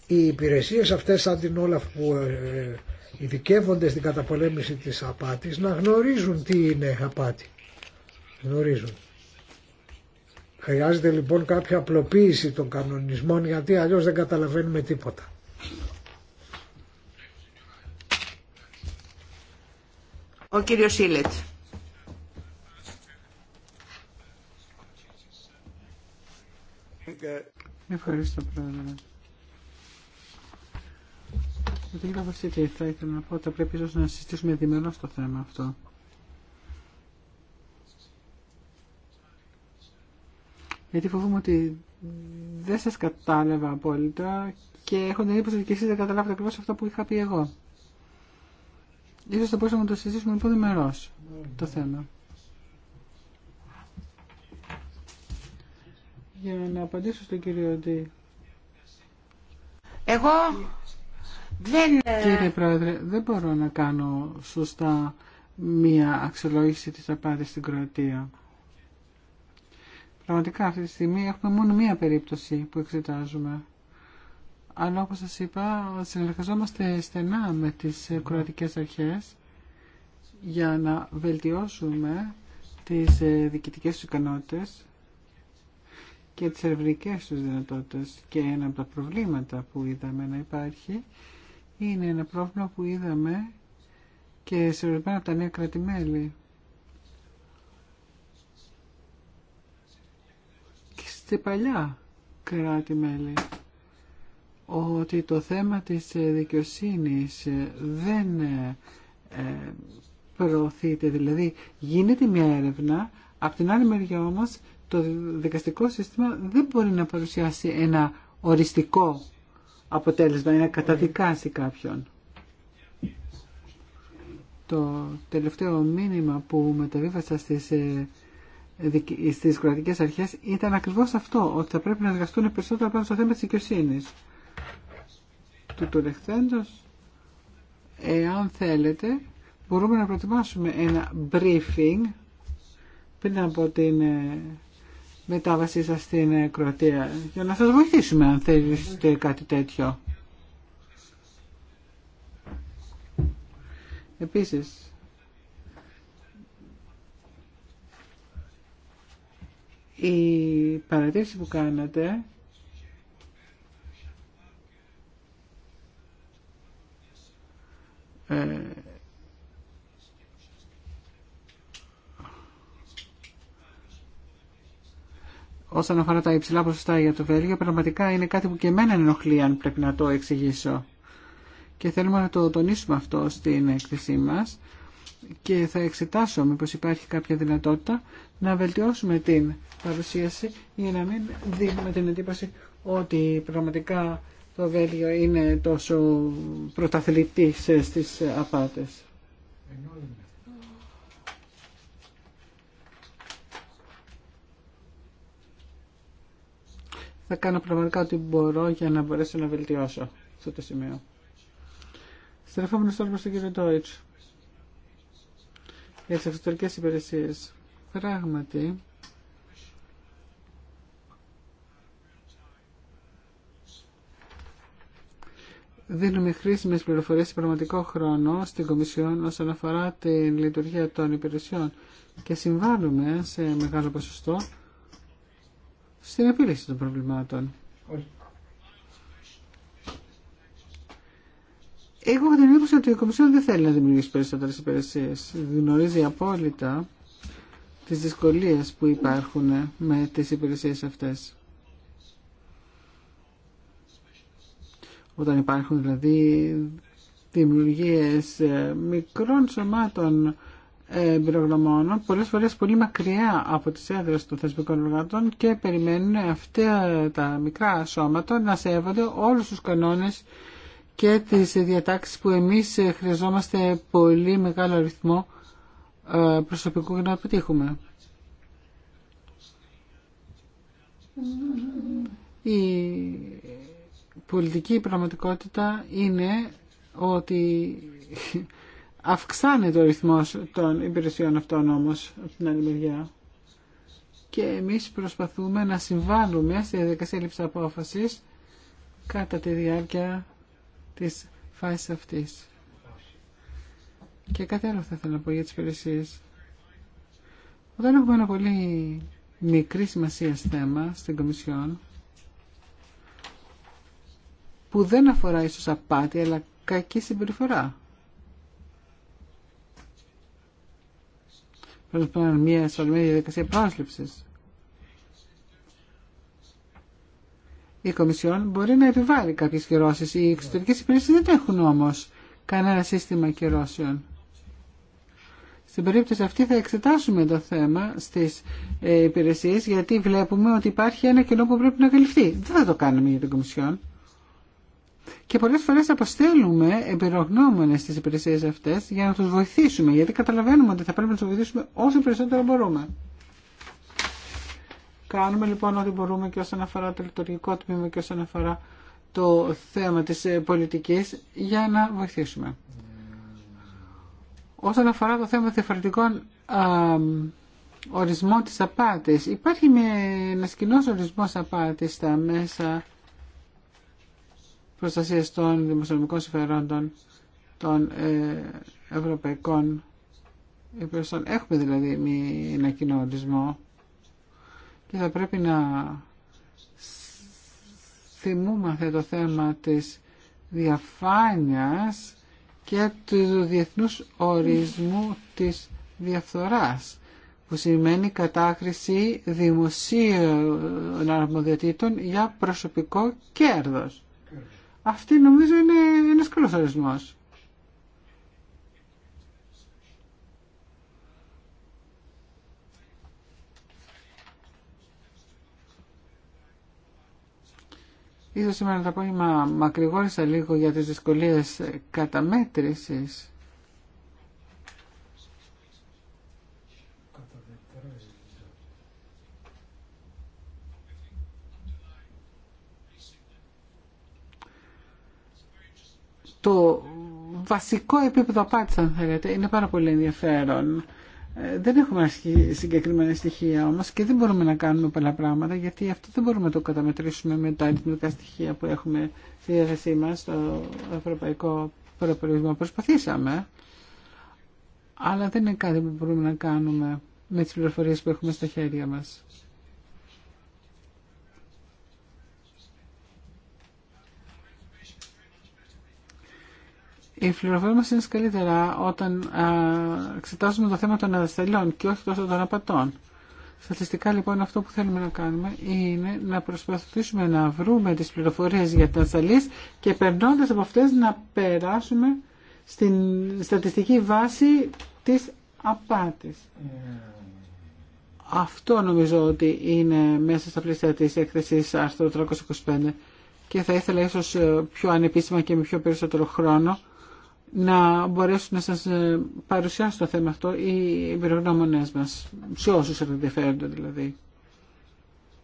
οι υπηρεσίες αυτές σαν την όλα που ε, ειδικεύονται στην καταπολέμηση της απάτης να γνωρίζουν τι είναι απάτη. Γνωρίζουν. Χρειάζεται λοιπόν κάποια απλοποίηση των κανονισμών γιατί αλλιώς δεν καταλαβαίνουμε τίποτα. Ο κύριος Σίλετ. Ευχαριστώ πρόεδρε. Δεν καταλαβαίνω τι θα ήθελα να πω. Θα πρέπει ίσως να συζητήσουμε διμερώς το θέμα αυτό. Γιατί φοβούμαι ότι δεν σας κατάλαβα απόλυτα και έχω την εντύπωση ότι και εσείς δεν καταλάβετε ακριβώ αυτό που είχα πει εγώ. Ίσως θα μπορούσαμε να το συζητήσουμε λοιπόν διμερώς το θέμα. Για να απαντήσω στον κύριο Ντί. Εγώ ε, Κύριε Πρόεδρε, δεν μπορώ να κάνω σωστά μία αξιολόγηση της απάντησης στην Κροατία. Πραγματικά αυτή τη στιγμή έχουμε μόνο μία περίπτωση που εξετάζουμε. Αλλά όπως σας είπα, συνεργαζόμαστε στενά με τις κροατικές αρχές για να βελτιώσουμε τις ε, διοικητικές τους ικανότητες και τις ερευνικές τους δυνατότητες. Και ένα από τα προβλήματα που είδαμε να υπάρχει είναι ένα πρόβλημα που είδαμε και σε ορισμένα από τα νέα κρατημέλη. Και στη παλιά κράτη-μέλη ότι το θέμα της ε, δικαιοσύνης ε, δεν ε, προωθείται. Δηλαδή γίνεται μια έρευνα, από την άλλη μεριά όμως το δικαστικό σύστημα δεν μπορεί να παρουσιάσει ένα οριστικό αποτέλεσμα είναι να καταδικάσει κάποιον. Το τελευταίο μήνυμα που μεταβίβασα στις, ε, στις κρατικές αρχές ήταν ακριβώς αυτό, ότι θα πρέπει να εργαστούν περισσότερο πάνω στο θέμα της δικαιοσύνη. Του τουλεχθέντος, εάν θέλετε, μπορούμε να προετοιμάσουμε ένα briefing πριν από την ε, μετάβασή σας στην ε, Κροατία για να σας βοηθήσουμε αν θέλετε κάτι τέτοιο. Επίσης, η παρατήρηση που κάνατε ε, όσον αφορά τα υψηλά ποσοστά για το Βέλγιο, πραγματικά είναι κάτι που και εμένα ενοχλεί αν πρέπει να το εξηγήσω. Και θέλουμε να το τονίσουμε αυτό στην έκθεσή μας και θα εξετάσω μήπως υπάρχει κάποια δυνατότητα να βελτιώσουμε την παρουσίαση για να μην δίνουμε την εντύπωση ότι πραγματικά το Βέλγιο είναι τόσο πρωταθλητής στις απάτες. θα κάνω πραγματικά ό,τι μπορώ για να μπορέσω να βελτιώσω αυτό το σημείο. Στρεφόμενο τώρα προ τον κύριο Ντόιτ. για τι εξωτερικέ υπηρεσίε. Πράγματι, δίνουμε χρήσιμες πληροφορίες σε πραγματικό χρόνο στην Κομισιόν όσον αφορά τη λειτουργία των υπηρεσιών και συμβάλλουμε σε μεγάλο ποσοστό στην επίλυση των προβλημάτων. Εγώ έχω την εντύπωση ότι η Κομισιόν δεν θέλει να δημιουργήσει περισσότερε υπηρεσίε. Γνωρίζει απόλυτα τις δυσκολίες που υπάρχουν με τις υπηρεσίες αυτές. Όταν υπάρχουν δηλαδή δημιουργίες ε, μικρών σωμάτων εμπειρογνωμόνων, πολλές φορές πολύ μακριά από τις έδρες των θεσμικών οργάνων και περιμένουν αυτά τα μικρά σώματα να σέβονται όλους τους κανόνες και τις διατάξεις που εμείς χρειαζόμαστε πολύ μεγάλο αριθμό ε, προσωπικού για να πετύχουμε. Η πολιτική πραγματικότητα είναι ότι Αυξάνεται ο ρυθμός των υπηρεσιών αυτών όμως από την άλλη μεριά. Και εμείς προσπαθούμε να συμβάλλουμε στη διαδικασία λήψη απόφασης κατά τη διάρκεια της φάσης αυτής. Και κάτι άλλο θα ήθελα να πω για τις υπηρεσίες. Όταν έχουμε ένα πολύ μικρή σημασία θέμα στην Κομισιόν, που δεν αφορά ίσως απάτη, αλλά κακή συμπεριφορά. προσπαθούν μια ασφαλμένη διαδικασία πρόσληψης. Η Κομισιόν μπορεί να επιβάλλει κάποιε κυρώσει. Οι εξωτερικέ υπηρεσίε δεν έχουν όμω κανένα σύστημα κυρώσεων. Στην περίπτωση αυτή θα εξετάσουμε το θέμα στις ε, υπηρεσίες γιατί βλέπουμε ότι υπάρχει ένα κενό που πρέπει να καλυφθεί. Δεν θα το κάνουμε για την Κομισιόν. Και πολλές φορές αποστέλουμε εμπειρογνώμονες στις υπηρεσίες αυτές για να τους βοηθήσουμε, γιατί καταλαβαίνουμε ότι θα πρέπει να τους βοηθήσουμε όσο περισσότερο μπορούμε. Κάνουμε λοιπόν ό,τι μπορούμε και όσον αφορά το λειτουργικό τμήμα και όσον αφορά το θέμα της ε, πολιτικής για να βοηθήσουμε. Όσον αφορά το θέμα διαφορετικών ορισμών της απάτης, υπάρχει ένα κοινό ορισμός απάτης στα μέσα προστασίας των δημοσιονομικών συμφερόντων των ε, ευρωπαϊκών υπηρεσιών. Έχουμε δηλαδή ένα κοινό ορισμό και θα πρέπει να θυμούμαστε το θέμα της διαφάνειας και του διεθνούς ορισμού της διαφθοράς που σημαίνει κατάχρηση δημοσίων αρμοδιοτήτων για προσωπικό κέρδος. Αυτή νομίζω είναι ένας καλός ορισμός. Ίσως σήμερα το απόγευμα μακρηγόρησα λίγο για τις δυσκολίες καταμέτρησης. το βασικό επίπεδο απάτης αν θέλετε είναι πάρα πολύ ενδιαφέρον. Ε, δεν έχουμε συγκεκριμένα στοιχεία όμως και δεν μπορούμε να κάνουμε πολλά πράγματα γιατί αυτό δεν μπορούμε να το καταμετρήσουμε με τα αριθμητικά στοιχεία που έχουμε στη διάθεσή μας στο ευρωπαϊκό προπολογισμό. Προσπαθήσαμε, αλλά δεν είναι κάτι που μπορούμε να κάνουμε με τις πληροφορίες που έχουμε στα χέρια μας. Η πληροφορία μας είναι καλύτερα όταν α, εξετάζουμε το θέμα των αδασταλιών και όχι τόσο των απατών. Στατιστικά λοιπόν αυτό που θέλουμε να κάνουμε είναι να προσπαθήσουμε να βρούμε τις πληροφορίες για τα ασθενείς και περνώντας από αυτές να περάσουμε στην στατιστική βάση της απάτης. Αυτό νομίζω ότι είναι μέσα στα πλαίσια της έκθεσης άρθρο 325 και θα ήθελα ίσως πιο ανεπίσημα και με πιο περισσότερο χρόνο να μπορέσουν να σας ε, παρουσιάσουν το θέμα αυτό οι εμπειρογνώμονές μας, σε όσους ενδιαφέρονται δηλαδή.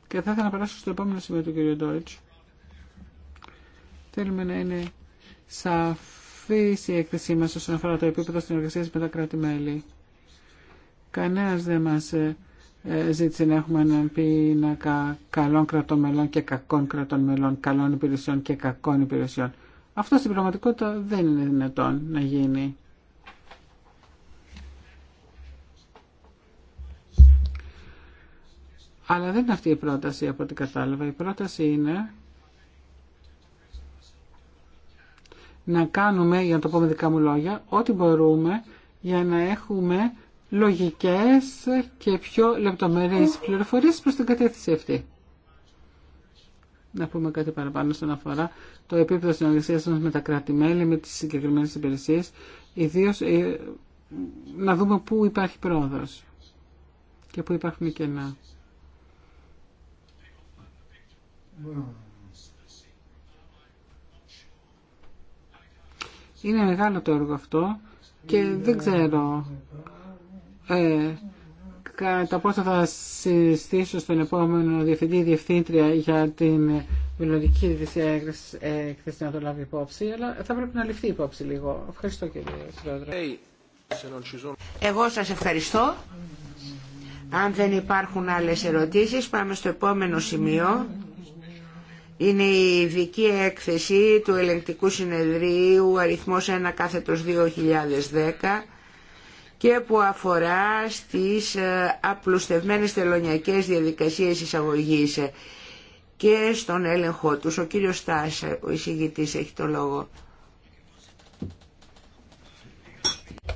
Και θα ήθελα να περάσω στο επόμενο σημείο του κ. Ντόριτς. Θέλουμε να είναι σαφής η έκθεσή μας όσον αφορά το επίπεδο συνεργασίας με τα κράτη-μέλη. Κανένας δεν μας ε, ε, ζήτησε να έχουμε έναν πίνακα καλών κρατών μελών και κακών κρατών μελών, καλών υπηρεσιών και κακών υπηρεσιών. Αυτό στην πραγματικότητα δεν είναι δυνατόν να γίνει. Αλλά δεν είναι αυτή η πρόταση από ό,τι κατάλαβα. Η πρόταση είναι να κάνουμε, για να το πω με δικά μου λόγια, ό,τι μπορούμε για να έχουμε λογικές και πιο λεπτομερείς πληροφορίες προς την κατεύθυνση αυτή να πούμε κάτι παραπάνω στον αφορά το επίπεδο συνεργασία μα με τα κράτη-μέλη, με τι συγκεκριμένε υπηρεσίε, ιδίω ε, να δούμε πού υπάρχει πρόοδο και πού υπάρχουν κενά. Είναι μεγάλο το έργο αυτό και δεν ξέρω ε, τα πόσο θα συστήσω στον επόμενο διευθυντή διευθύντρια για την μελλοντική διευθυνσία έκθεση να το λάβει υπόψη, αλλά θα πρέπει να ληφθεί υπόψη λίγο. Ευχαριστώ κύριε Πρόεδρε. Εγώ σας ευχαριστώ. Αν δεν υπάρχουν άλλες ερωτήσεις, πάμε στο επόμενο σημείο. Είναι η ειδική έκθεση του ελεγκτικού συνεδρίου αριθμός 1 κάθετος 2010 και που αφορά στις ε, απλουστευμένες τελωνιακές διαδικασίες εισαγωγής και στον έλεγχό τους. Ο κύριος Στάς, ο εισηγητής, έχει το λόγο.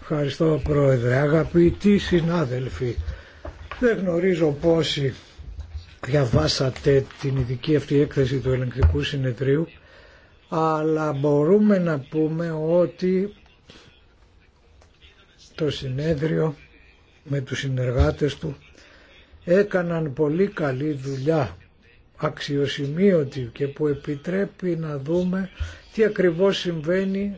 Ευχαριστώ πρόεδρε. Αγαπητοί συνάδελφοι, δεν γνωρίζω πόσοι διαβάσατε την ειδική αυτή έκθεση του ελεγκτικού συνεδρίου, αλλά μπορούμε να πούμε ότι το συνέδριο με τους συνεργάτες του έκαναν πολύ καλή δουλειά αξιοσημείωτη και που επιτρέπει να δούμε τι ακριβώς συμβαίνει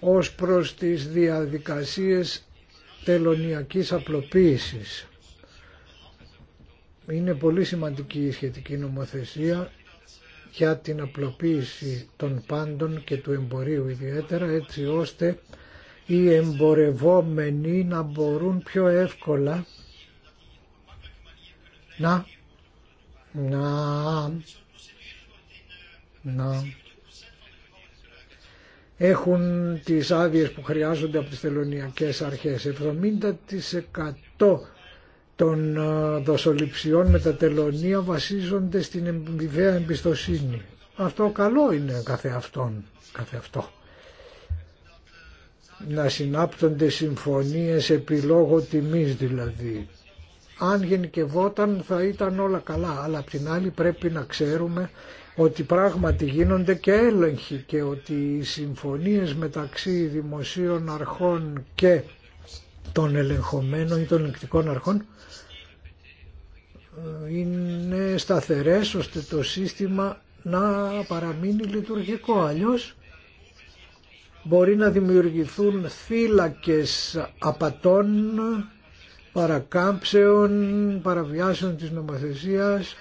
ως προς τις διαδικασίες τελωνιακής απλοποίησης. Είναι πολύ σημαντική η σχετική νομοθεσία για την απλοποίηση των πάντων και του εμπορίου ιδιαίτερα έτσι ώστε οι εμπορευόμενοι να μπορούν πιο εύκολα να, να, να έχουν τις άδειες που χρειάζονται από τις τελωνιακές αρχές. 70% των ε, δοσοληψιών με τα τελωνία βασίζονται στην αμοιβαία εμπιστοσύνη. Αυτό καλό είναι καθε αυτόν, καθε αυτό να συνάπτονται συμφωνίες επιλόγω τιμής δηλαδή. Αν γενικευόταν θα ήταν όλα καλά, αλλά απ' την άλλη πρέπει να ξέρουμε ότι πράγματι γίνονται και έλεγχοι και ότι οι συμφωνίες μεταξύ δημοσίων αρχών και των ελεγχομένων ή των ελεγκτικών αρχών ε, είναι σταθερές ώστε το σύστημα να παραμείνει λειτουργικό. Αλλιώς μπορεί να δημιουργηθούν θύλακες απατών, παρακάμψεων, παραβιάσεων της νομοθεσίας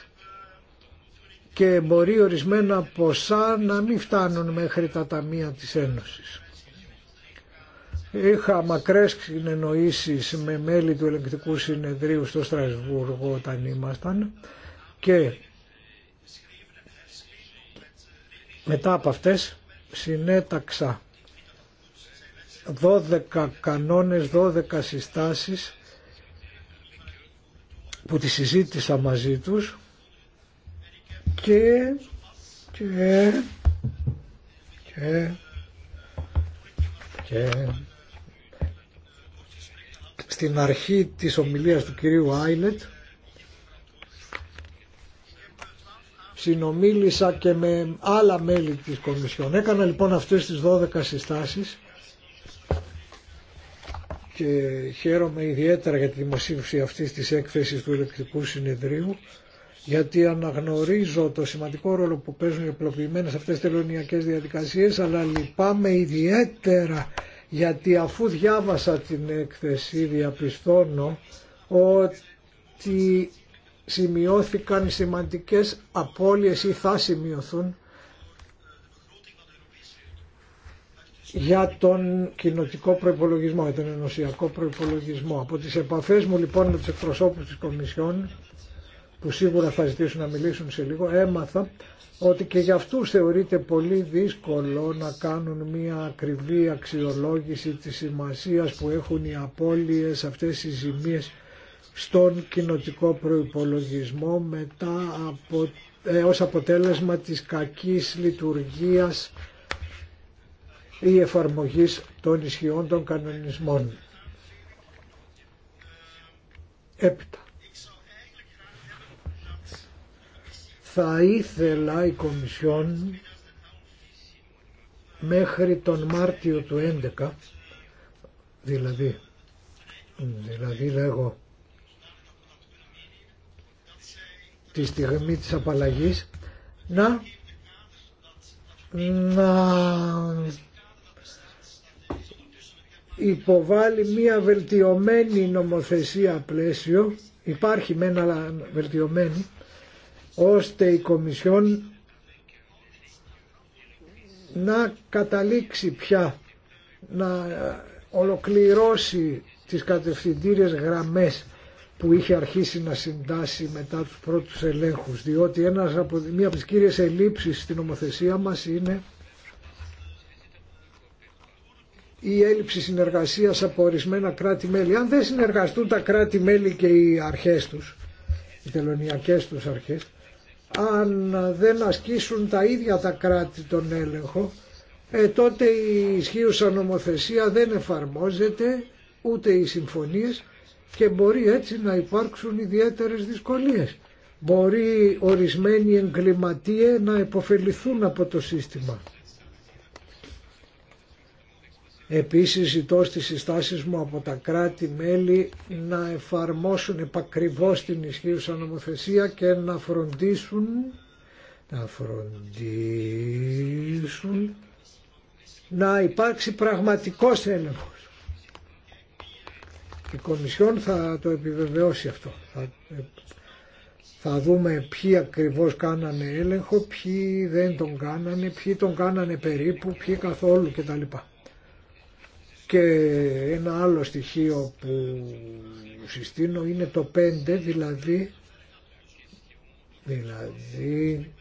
και μπορεί ορισμένα ποσά να μην φτάνουν μέχρι τα ταμεία της Ένωσης. Είχα μακρές συνεννοήσεις με μέλη του ελεγκτικού συνεδρίου στο Στρασβούργο όταν ήμασταν και μετά από αυτές συνέταξα 12 κανόνες, 12 συστάσεις που τη συζήτησα μαζί τους και, και, και, και στην αρχή της ομιλίας του κυρίου Άιλετ συνομίλησα και με άλλα μέλη της Κομισιόν. Έκανα λοιπόν αυτές τις 12 συστάσεις και χαίρομαι ιδιαίτερα για τη δημοσίευση αυτής της έκθεσης του ηλεκτρικού συνεδρίου γιατί αναγνωρίζω το σημαντικό ρόλο που παίζουν οι απλοποιημένες αυτές τελωνιακές διαδικασίες αλλά λυπάμαι ιδιαίτερα γιατί αφού διάβασα την έκθεση διαπιστώνω ότι σημειώθηκαν σημαντικές απώλειες ή θα σημειωθούν για τον κοινοτικό προϋπολογισμό, για τον ενωσιακό προϋπολογισμό. Από τις επαφές μου λοιπόν με τους εκπροσώπους της Κομισιόν, που σίγουρα θα ζητήσουν να μιλήσουν σε λίγο, έμαθα ότι και για αυτούς θεωρείται πολύ δύσκολο να κάνουν μια ακριβή αξιολόγηση της σημασίας που έχουν οι απώλειες, αυτές οι ζημίες στον κοινοτικό προϋπολογισμό μετά από, ε, ως αποτέλεσμα της κακής λειτουργίας ή εφαρμογής των ισχυών των κανονισμών. Έπειτα. Θα ήθελα η Κομισιόν μέχρι τον Μάρτιο του 11, δηλαδή, δηλαδή λέγω τη στιγμή της απαλλαγής, να, να υποβάλει μία βελτιωμένη νομοθεσία πλαίσιο, υπάρχει μεν αλλά βελτιωμένη, ώστε η Κομισιόν να καταλήξει πια, να ολοκληρώσει τις κατευθυντήριες γραμμές που είχε αρχίσει να συντάσει μετά τους πρώτους ελέγχους, διότι ένας από, μία από τις κύριες ελλείψεις στην νομοθεσία μας είναι η έλλειψη συνεργασίας από ορισμένα κράτη-μέλη. Αν δεν συνεργαστούν τα κράτη-μέλη και οι αρχές τους, οι τελωνιακές τους αρχές, αν δεν ασκήσουν τα ίδια τα κράτη τον έλεγχο, ε, τότε η ισχύουσα νομοθεσία δεν εφαρμόζεται ούτε οι συμφωνίες και μπορεί έτσι να υπάρξουν ιδιαίτερες δυσκολίες. Μπορεί ορισμένοι εγκληματίε να υποφεληθούν από το σύστημα. Επίσης ζητώ στις συστάσεις μου από τα κράτη-μέλη να εφαρμόσουν επακριβώς την ισχύουσα νομοθεσία και να φροντίσουν να φροντίσουν να υπάρξει πραγματικός έλεγχος. Η Κομισιόν θα το επιβεβαιώσει αυτό. Θα, θα δούμε ποιοι ακριβώς κάνανε έλεγχο, ποιοι δεν τον κάνανε, ποιοι τον κάνανε περίπου, ποιοι καθόλου κτλ. Και ένα άλλο στοιχείο που συστήνω είναι το 5, δηλαδή, δηλαδή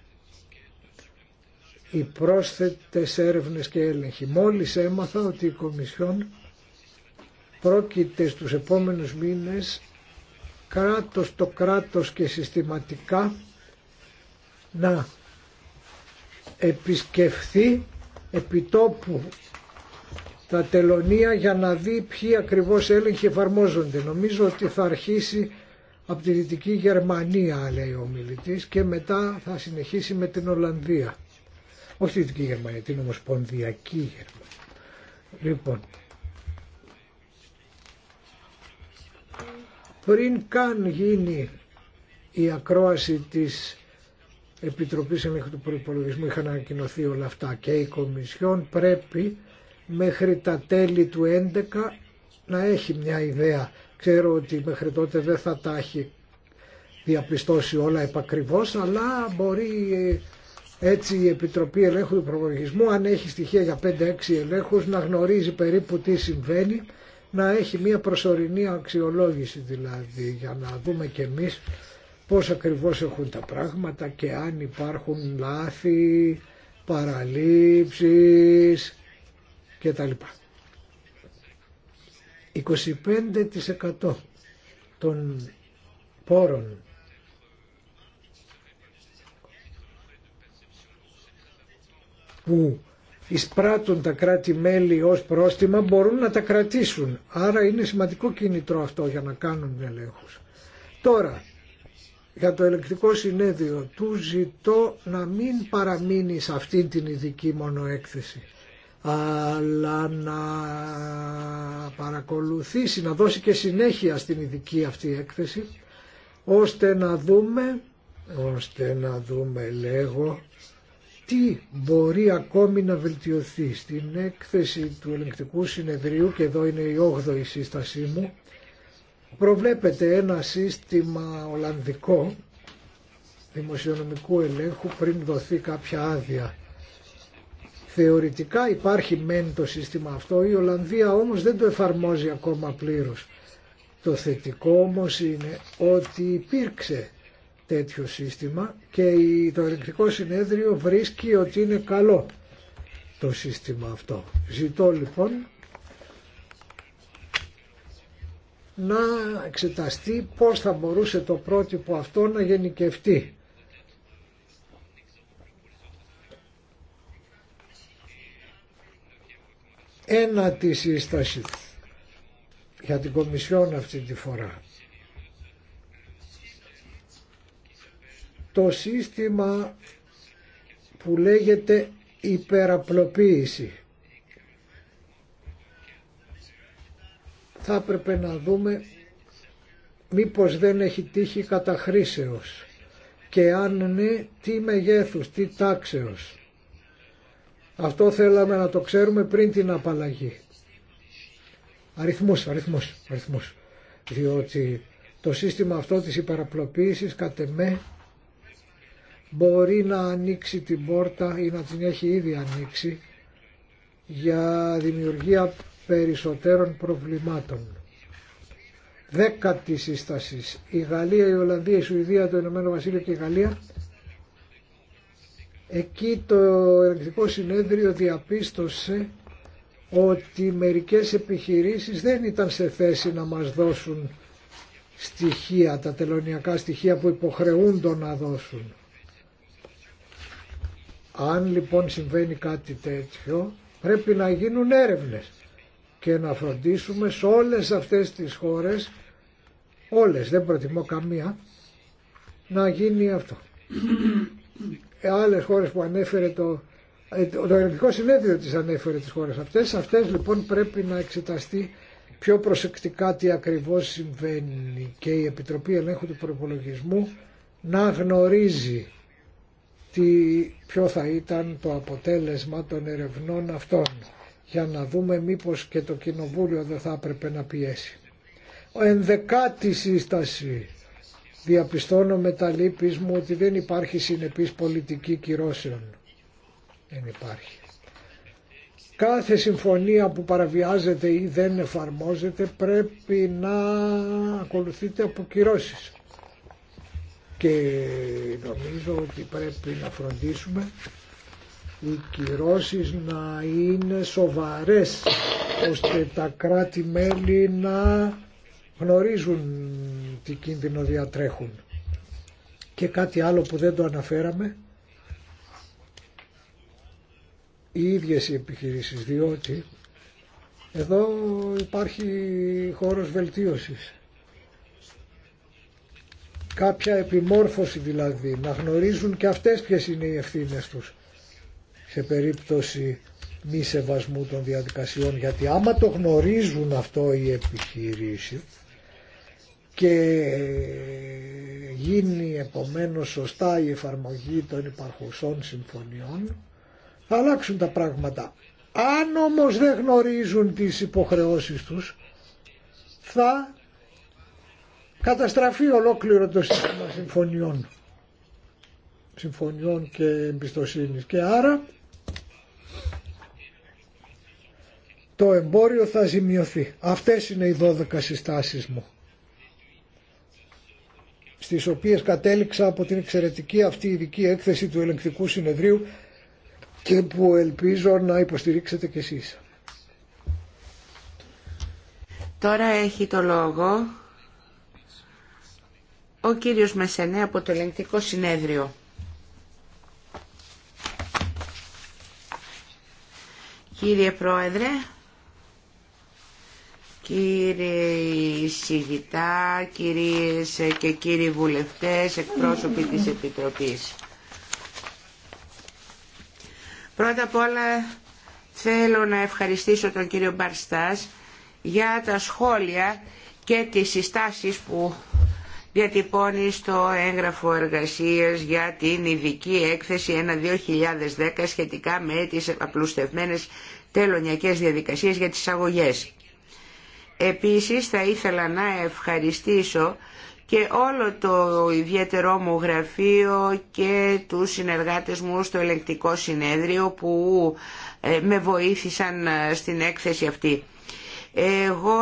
οι πρόσθετες έρευνες και έλεγχοι. Μόλις έμαθα ότι η Κομισιόν πρόκειται στους επόμενους μήνες κράτος το κράτος και συστηματικά να επισκεφθεί επιτόπου τα τελωνία για να δει ποιοι ακριβώς έλεγχοι εφαρμόζονται. Νομίζω ότι θα αρχίσει από τη Δυτική Γερμανία, λέει ο μιλητής, και μετά θα συνεχίσει με την Ολλανδία. Όχι τη Δυτική Γερμανία, την Ομοσπονδιακή Γερμανία. Λοιπόν, πριν καν γίνει η ακρόαση της Επιτροπής Ελέγχου του Προϋπολογισμού είχαν ανακοινωθεί όλα αυτά και η Κομισιόν πρέπει μέχρι τα τέλη του 11 να έχει μια ιδέα. Ξέρω ότι μέχρι τότε δεν θα τα έχει διαπιστώσει όλα επακριβώς, αλλά μπορεί έτσι η Επιτροπή Ελέγχου του αν έχει στοιχεία για 5-6 ελέγχους, να γνωρίζει περίπου τι συμβαίνει, να έχει μια προσωρινή αξιολόγηση δηλαδή, για να δούμε κι εμείς πώς ακριβώς έχουν τα πράγματα και αν υπάρχουν λάθη, παραλήψεις, 25% των πόρων που εισπράττουν τα κράτη-μέλη ως πρόστιμα μπορούν να τα κρατήσουν. Άρα είναι σημαντικό κινητρό αυτό για να κάνουν ελέγχους. Τώρα, για το ελεκτικό συνέδριο του ζητώ να μην παραμείνει σε αυτή την ειδική μονοέκθεση αλλά να παρακολουθήσει, να δώσει και συνέχεια στην ειδική αυτή έκθεση, ώστε να δούμε, ώστε να δούμε λέγω, τι μπορεί ακόμη να βελτιωθεί. Στην έκθεση του ελεγκτικού συνεδρίου, και εδώ είναι η 8η σύστασή μου, προβλέπεται ένα σύστημα ολλανδικό δημοσιονομικού ελέγχου πριν δοθεί κάποια άδεια Θεωρητικά υπάρχει μεν το σύστημα αυτό, η Ολλανδία όμως δεν το εφαρμόζει ακόμα πλήρως. Το θετικό όμως είναι ότι υπήρξε τέτοιο σύστημα και το Ελεκτρικό συνέδριο βρίσκει ότι είναι καλό το σύστημα αυτό. Ζητώ λοιπόν να εξεταστεί πώς θα μπορούσε το πρότυπο αυτό να γενικευτεί ένατη σύσταση για την Κομισιόν αυτή τη φορά. Το σύστημα που λέγεται υπεραπλοποίηση. Θα έπρεπε να δούμε μήπως δεν έχει τύχει καταχρήσεως και αν ναι τι μεγέθους, τι τάξεως. Αυτό θέλαμε να το ξέρουμε πριν την απαλλαγή. Αριθμούς, αριθμούς, αριθμούς. Διότι το σύστημα αυτό της υπεραπλοποίησης κατ' εμέ μπορεί να ανοίξει την πόρτα ή να την έχει ήδη ανοίξει για δημιουργία περισσότερων προβλημάτων. Δέκατη σύσταση. Η Γαλλία, η Ολλανδία, η Σουηδία, το Ηνωμένο Βασίλειο και η Γαλλία Εκεί το ερευνητικό συνέδριο διαπίστωσε ότι μερικές επιχειρήσεις δεν ήταν σε θέση να μας δώσουν στοιχεία, τα τελωνιακά στοιχεία που υποχρεούντο να δώσουν. Αν λοιπόν συμβαίνει κάτι τέτοιο, πρέπει να γίνουν έρευνες και να φροντίσουμε σε όλες αυτές τις χώρες, όλες, δεν προτιμώ καμία, να γίνει αυτό. Ε, άλλες χώρες που ανέφερε ε, το, το Ελληνικό Συνέδριο τις ανέφερε τις χώρες αυτές. Αυτές λοιπόν πρέπει να εξεταστεί πιο προσεκτικά τι ακριβώς συμβαίνει και η Επιτροπή Ελέγχου του Προπολογισμού να γνωρίζει τι, ποιο θα ήταν το αποτέλεσμα των ερευνών αυτών για να δούμε μήπως και το Κοινοβούλιο δεν θα έπρεπε να πιέσει. Ο ενδεκάτη σύσταση διαπιστώνω με τα λύπης μου ότι δεν υπάρχει συνεπής πολιτική κυρώσεων. Δεν υπάρχει. Κάθε συμφωνία που παραβιάζεται ή δεν εφαρμόζεται πρέπει να ακολουθείται από κυρώσεις. Και νομίζω ότι πρέπει να φροντίσουμε οι κυρώσεις να είναι σοβαρές ώστε τα κράτη-μέλη να γνωρίζουν τι κίνδυνο διατρέχουν. Και κάτι άλλο που δεν το αναφέραμε, οι ίδιες οι επιχειρήσεις, διότι εδώ υπάρχει χώρος βελτίωσης. Κάποια επιμόρφωση δηλαδή, να γνωρίζουν και αυτές ποιες είναι οι ευθύνε τους σε περίπτωση μη σεβασμού των διαδικασιών, γιατί άμα το γνωρίζουν αυτό οι επιχειρήσεις, και ε, γίνει επομένως σωστά η εφαρμογή των υπαρχουσών συμφωνιών θα αλλάξουν τα πράγματα. Αν όμως δεν γνωρίζουν τις υποχρεώσεις τους θα καταστραφεί ολόκληρο το σύστημα συμφωνιών συμφωνιών και εμπιστοσύνης και άρα το εμπόριο θα ζημιωθεί. Αυτές είναι οι 12 συστάσεις μου στις οποίες κατέληξα από την εξαιρετική αυτή ειδική έκθεση του ελεγκτικού συνεδρίου και που ελπίζω να υποστηρίξετε κι εσείς. Τώρα έχει το λόγο ο κύριος Μεσενέ από το ελεγκτικό συνέδριο. Κύριε Πρόεδρε, κύριοι συγγητά, κυρίες και κύριοι βουλευτές, εκπρόσωποι της Επιτροπής. Πρώτα απ' όλα θέλω να ευχαριστήσω τον κύριο Μπαρστάς για τα σχόλια και τις συστάσεις που διατυπώνει στο έγγραφο εργασίας για την ειδική έκθεση 1-2010 σχετικά με τις απλουστευμένες τελωνιακές διαδικασίες για τις αγωγές. Επίσης θα ήθελα να ευχαριστήσω και όλο το ιδιαίτερό μου γραφείο και τους συνεργάτες μου στο ελεγκτικό συνέδριο που ε, με βοήθησαν ε, στην έκθεση αυτή. Εγώ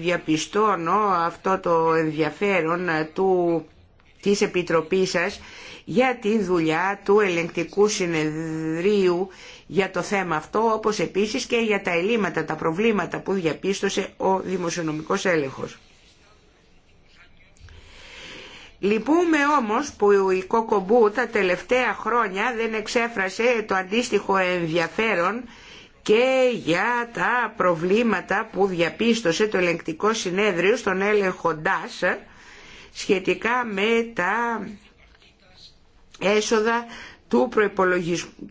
διαπιστώνω αυτό το ενδιαφέρον ε, του, της Επιτροπής σας για τη δουλειά του ελεγκτικού συνεδρίου για το θέμα αυτό, όπως επίσης και για τα ελλείμματα, τα προβλήματα που διαπίστωσε ο δημοσιονομικός έλεγχος. Λυπούμε όμως που η Κοκομπού τα τελευταία χρόνια δεν εξέφρασε το αντίστοιχο ενδιαφέρον και για τα προβλήματα που διαπίστωσε το ελεγκτικό συνέδριο στον έλεγχο ΝΤΑΣ σχετικά με τα έσοδα του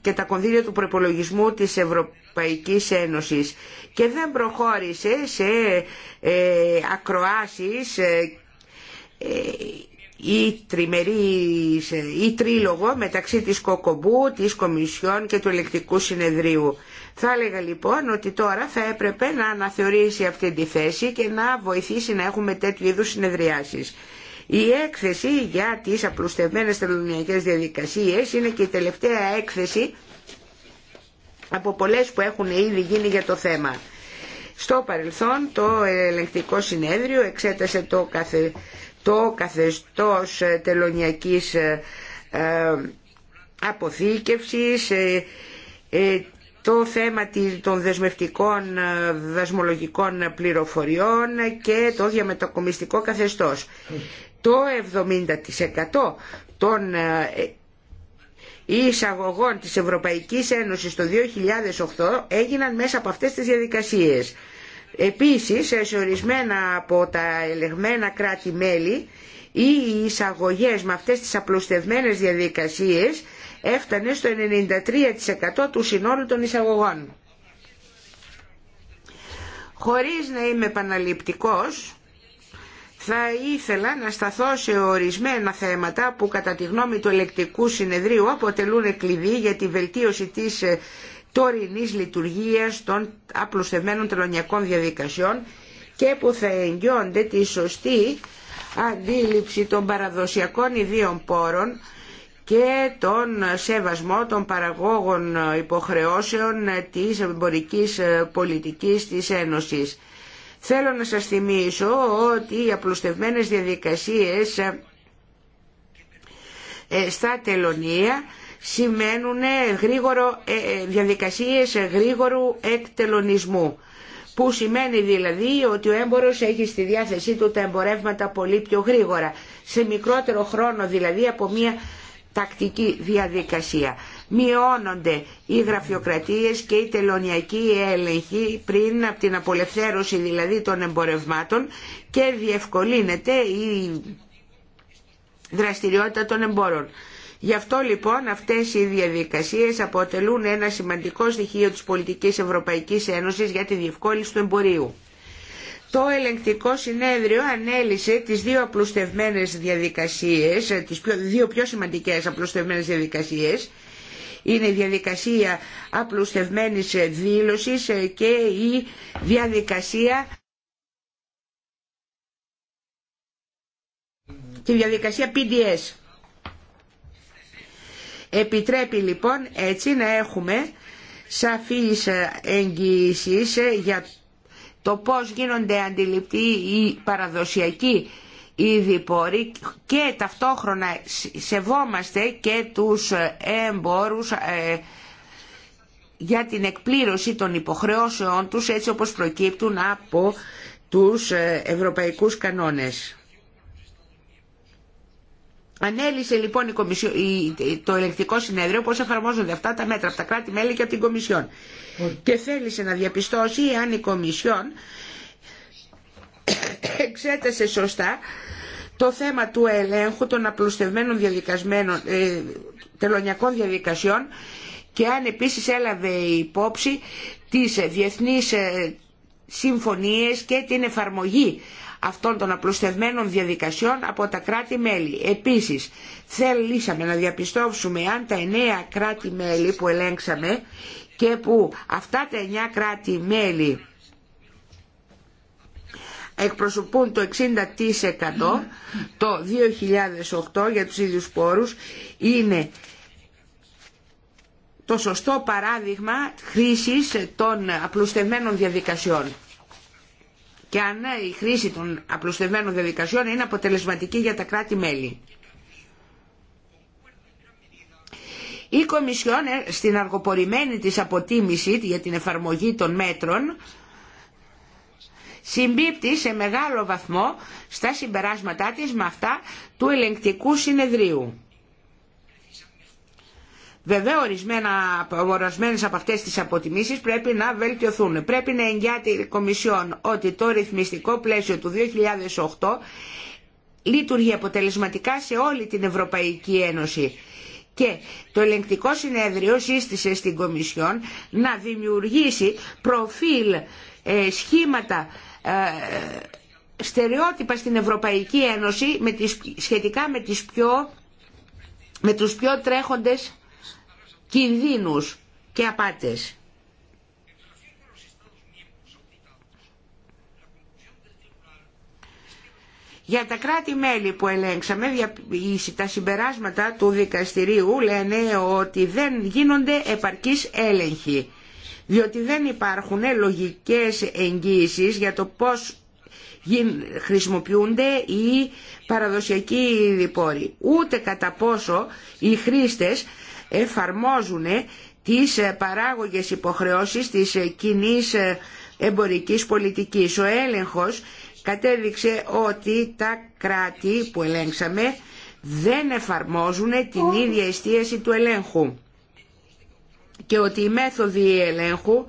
και τα κονδύλια του προπολογισμού της Ευρωπαϊκής Ένωσης και δεν προχώρησε σε ε, ε, ε ή ε, ή τρίλογο μεταξύ της Κοκομπού, της Κομισιόν και του Ελεκτικού Συνεδρίου. Θα έλεγα λοιπόν ότι τώρα θα έπρεπε να αναθεωρήσει αυτή τη θέση και να βοηθήσει να έχουμε τέτοιου είδους συνεδριάσεις. Η έκθεση για τις απλουστευμένες τελωνιακές διαδικασίες είναι και η τελευταία έκθεση από πολλές που έχουν ήδη γίνει για το θέμα. Στο παρελθόν το ελεγκτικό συνέδριο εξέτασε το, καθε, το καθεστώς τελωνιακής ε, αποθήκευσης, ε, ε, το θέμα των δεσμευτικών δασμολογικών πληροφοριών και το διαμετακομιστικό καθεστώς το 70% των ε, ε, εισαγωγών της Ευρωπαϊκής Ένωσης το 2008 έγιναν μέσα από αυτές τις διαδικασίες. Επίσης, σε ορισμένα από τα ελεγμένα κράτη-μέλη, οι εισαγωγές με αυτές τις απλουστευμένες διαδικασίες έφτανε στο 93% του συνόλου των εισαγωγών. Χωρίς να είμαι επαναληπτικός, θα ήθελα να σταθώ σε ορισμένα θέματα που κατά τη γνώμη του ελεκτικού συνεδρίου αποτελούν κλειδί για τη βελτίωση της ε, τωρινής λειτουργίας των απλουστευμένων τελωνιακών διαδικασιών και που θα εγγυώνται τη σωστή αντίληψη των παραδοσιακών ιδίων πόρων και τον σεβασμό των παραγόγων υποχρεώσεων ε, της εμπορικής ε, πολιτικής της Ένωσης. Θέλω να σας θυμίσω ότι οι απλουστευμένες διαδικασίες ε, ε, στα τελωνία σημαίνουν ε, γρήγορο, διαδικασίες γρήγορου εκτελωνισμού που σημαίνει δηλαδή ότι ο έμπορος έχει στη διάθεσή του τα εμπορεύματα πολύ πιο γρήγορα σε μικρότερο χρόνο δηλαδή από μια τακτική διαδικασία μειώνονται οι γραφειοκρατίες και οι τελωνιακοί έλεγχοι πριν από την απολευθέρωση δηλαδή των εμπορευμάτων και διευκολύνεται η δραστηριότητα των εμπόρων. Γι' αυτό λοιπόν αυτές οι διαδικασίες αποτελούν ένα σημαντικό στοιχείο της πολιτικής Ευρωπαϊκής Ένωσης για τη διευκόλυνση του εμπορίου. Το ελεγκτικό συνέδριο ανέλησε τις δύο απλουστευμένες διαδικασίες, τις δύο πιο σημαντικές απλουστευμένες διαδικασίες, είναι η διαδικασία απλουστευμένης δήλωσης και η διαδικασία διαδικασία PDS. Επιτρέπει λοιπόν έτσι να έχουμε σαφείς εγγυήσεις για το πώς γίνονται αντιληπτοί οι παραδοσιακοί ήδη πόροι και ταυτόχρονα σεβόμαστε και τους ε, εμπόρους ε, για την εκπλήρωση των υποχρεώσεών τους έτσι όπως προκύπτουν από τους ε, ευρωπαϊκούς κανόνες. Ανέλησε λοιπόν η το ελεκτικό συνέδριο πώς εφαρμόζονται αυτά τα μέτρα από τα κράτη-μέλη και από την Κομισιόν. Και θέλησε να διαπιστώσει αν η Κομισιόν εξέτασε σωστά το θέμα του ελέγχου των απλουστευμένων διαδικασμένων, ε, τελωνιακών διαδικασιών και αν επίσης έλαβε υπόψη τις διεθνείς ε, συμφωνίες και την εφαρμογή αυτών των απλουστευμένων διαδικασιών από τα κράτη-μέλη. Επίσης, θέλησαμε να διαπιστώσουμε αν τα εννέα κράτη-μέλη που ελέγξαμε και που αυτά τα εννέα κράτη-μέλη εκπροσωπούν το 60% το 2008 για τους ίδιους πόρους είναι το σωστό παράδειγμα χρήσης των απλουστευμένων διαδικασιών. Και αν ναι, η χρήση των απλουστευμένων διαδικασιών είναι αποτελεσματική για τα κράτη-μέλη. Η Κομισιόν ε, στην αργοπορημένη της αποτίμηση για την εφαρμογή των μέτρων συμπίπτει σε μεγάλο βαθμό στα συμπεράσματά της με αυτά του ελεγκτικού συνεδρίου. Βέβαια, ορισμένα, ορισμένες από αυτές τις αποτιμήσεις πρέπει να βελτιωθούν. Πρέπει να εγγυάται η Κομισιόν ότι το ρυθμιστικό πλαίσιο του 2008 λειτουργεί αποτελεσματικά σε όλη την Ευρωπαϊκή Ένωση. Και το ελεγκτικό συνέδριο σύστησε στην Κομισιόν να δημιουργήσει προφίλ, ε, σχήματα ε, στερεότυπα στην Ευρωπαϊκή Ένωση με τις, σχετικά με, τις πιο, με τους πιο τρέχοντες κινδύνους και απάτες. Για τα κράτη-μέλη που ελέγξαμε, τα συμπεράσματα του δικαστηρίου λένε ότι δεν γίνονται επαρκείς έλεγχοι διότι δεν υπάρχουν ε, λογικές εγγύησεις για το πώς χρησιμοποιούνται οι παραδοσιακοί διπόροι. Ούτε κατά πόσο οι χρήστες εφαρμόζουν ε, τις ε, παράγωγες υποχρεώσεις της κοινή εμπορικής πολιτικής. Ο έλεγχος κατέδειξε ότι τα κράτη που ελέγξαμε δεν εφαρμόζουν την ίδια εστίαση του ελέγχου και ότι οι μέθοδοι ελέγχου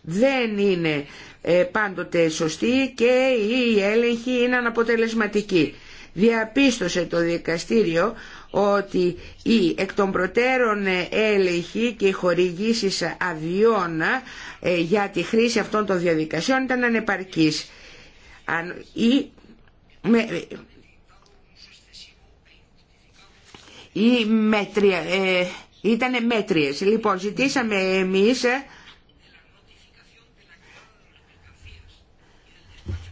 δεν είναι ε, πάντοτε σωστοί και η έλεγχοι είναι αναποτελεσματική. Διαπίστωσε το δικαστήριο ότι οι εκ των προτέρων ε, έλεγχοι και οι χορηγήσει αδειών ε, για τη χρήση αυτών των διαδικασιών ήταν ανεπαρκής. Ή μετρια, Ήτανε μέτριες. Λοιπόν, ζητήσαμε εμείς ε,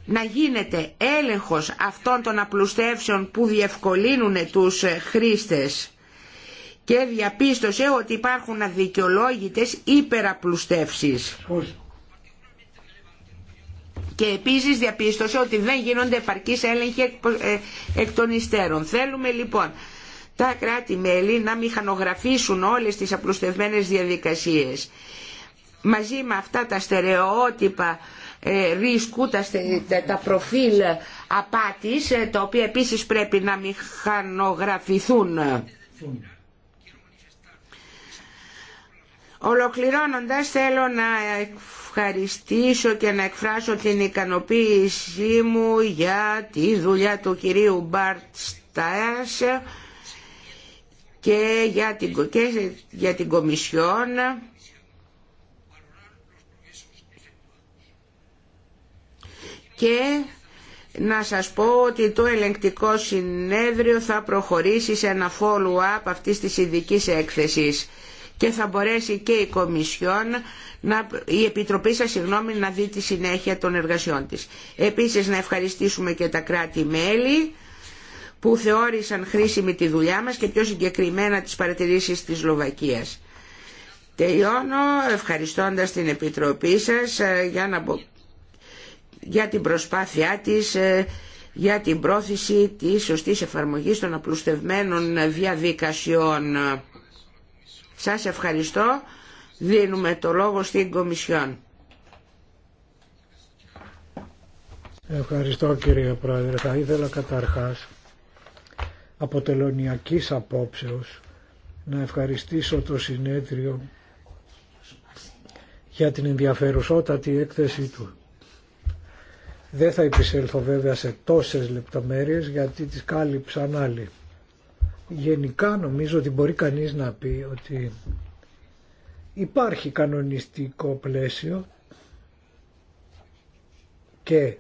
να γίνεται έλεγχος αυτών των απλουστεύσεων που διευκολύνουν τους ε, χρήστες και διαπίστωσε ότι υπάρχουν αδικαιολόγητες υπεραπλουστεύσεις. Και επίσης διαπίστωσε ότι δεν γίνονται επαρκείς έλεγχοι εκ ε, των υστέρων. Θέλουμε λοιπόν τα κράτη-μέλη να μηχανογραφήσουν όλες τις απλουστευμένες διαδικασίες. Μαζί με αυτά τα στερεότυπα ε, ρίσκου, τα, προφίλ απάτης, ε, τα οποία επίσης πρέπει να μηχανογραφηθούν. Ολοκληρώνοντας θέλω να ευχαριστήσω και να εκφράσω την ικανοποίησή μου για τη δουλειά του κυρίου Μπαρτ και για την, και για την Κομισιόν και να σας πω ότι το ελεγκτικό συνέδριο θα προχωρήσει σε ένα follow-up αυτής της ειδική έκθεσης και θα μπορέσει και η Κομισιόν, να, η Επιτροπή σας συγγνώμη, να δει τη συνέχεια των εργασιών της. Επίσης να ευχαριστήσουμε και τα κράτη-μέλη που θεώρησαν χρήσιμη τη δουλειά μας και πιο συγκεκριμένα τις παρατηρήσεις της Σλοβακίας. Τελειώνω ευχαριστώντας την Επιτροπή σας ε, για, να... για την προσπάθειά της ε, για την πρόθεση της σωστής εφαρμογής των απλουστευμένων διαδικασιών. Σας ευχαριστώ. Δίνουμε το λόγο στην Κομισιόν. Ευχαριστώ κύριε Πρόεδρε. Θα ήθελα καταρχάς αποτελωνιακής απόψεως να ευχαριστήσω το συνέδριο για την ενδιαφέρουσότατη έκθεσή του. Δεν θα επισέλθω βέβαια σε τόσες λεπτομέρειες γιατί τις κάλυψαν άλλοι. Γενικά νομίζω ότι μπορεί κανείς να πει ότι υπάρχει κανονιστικό πλαίσιο και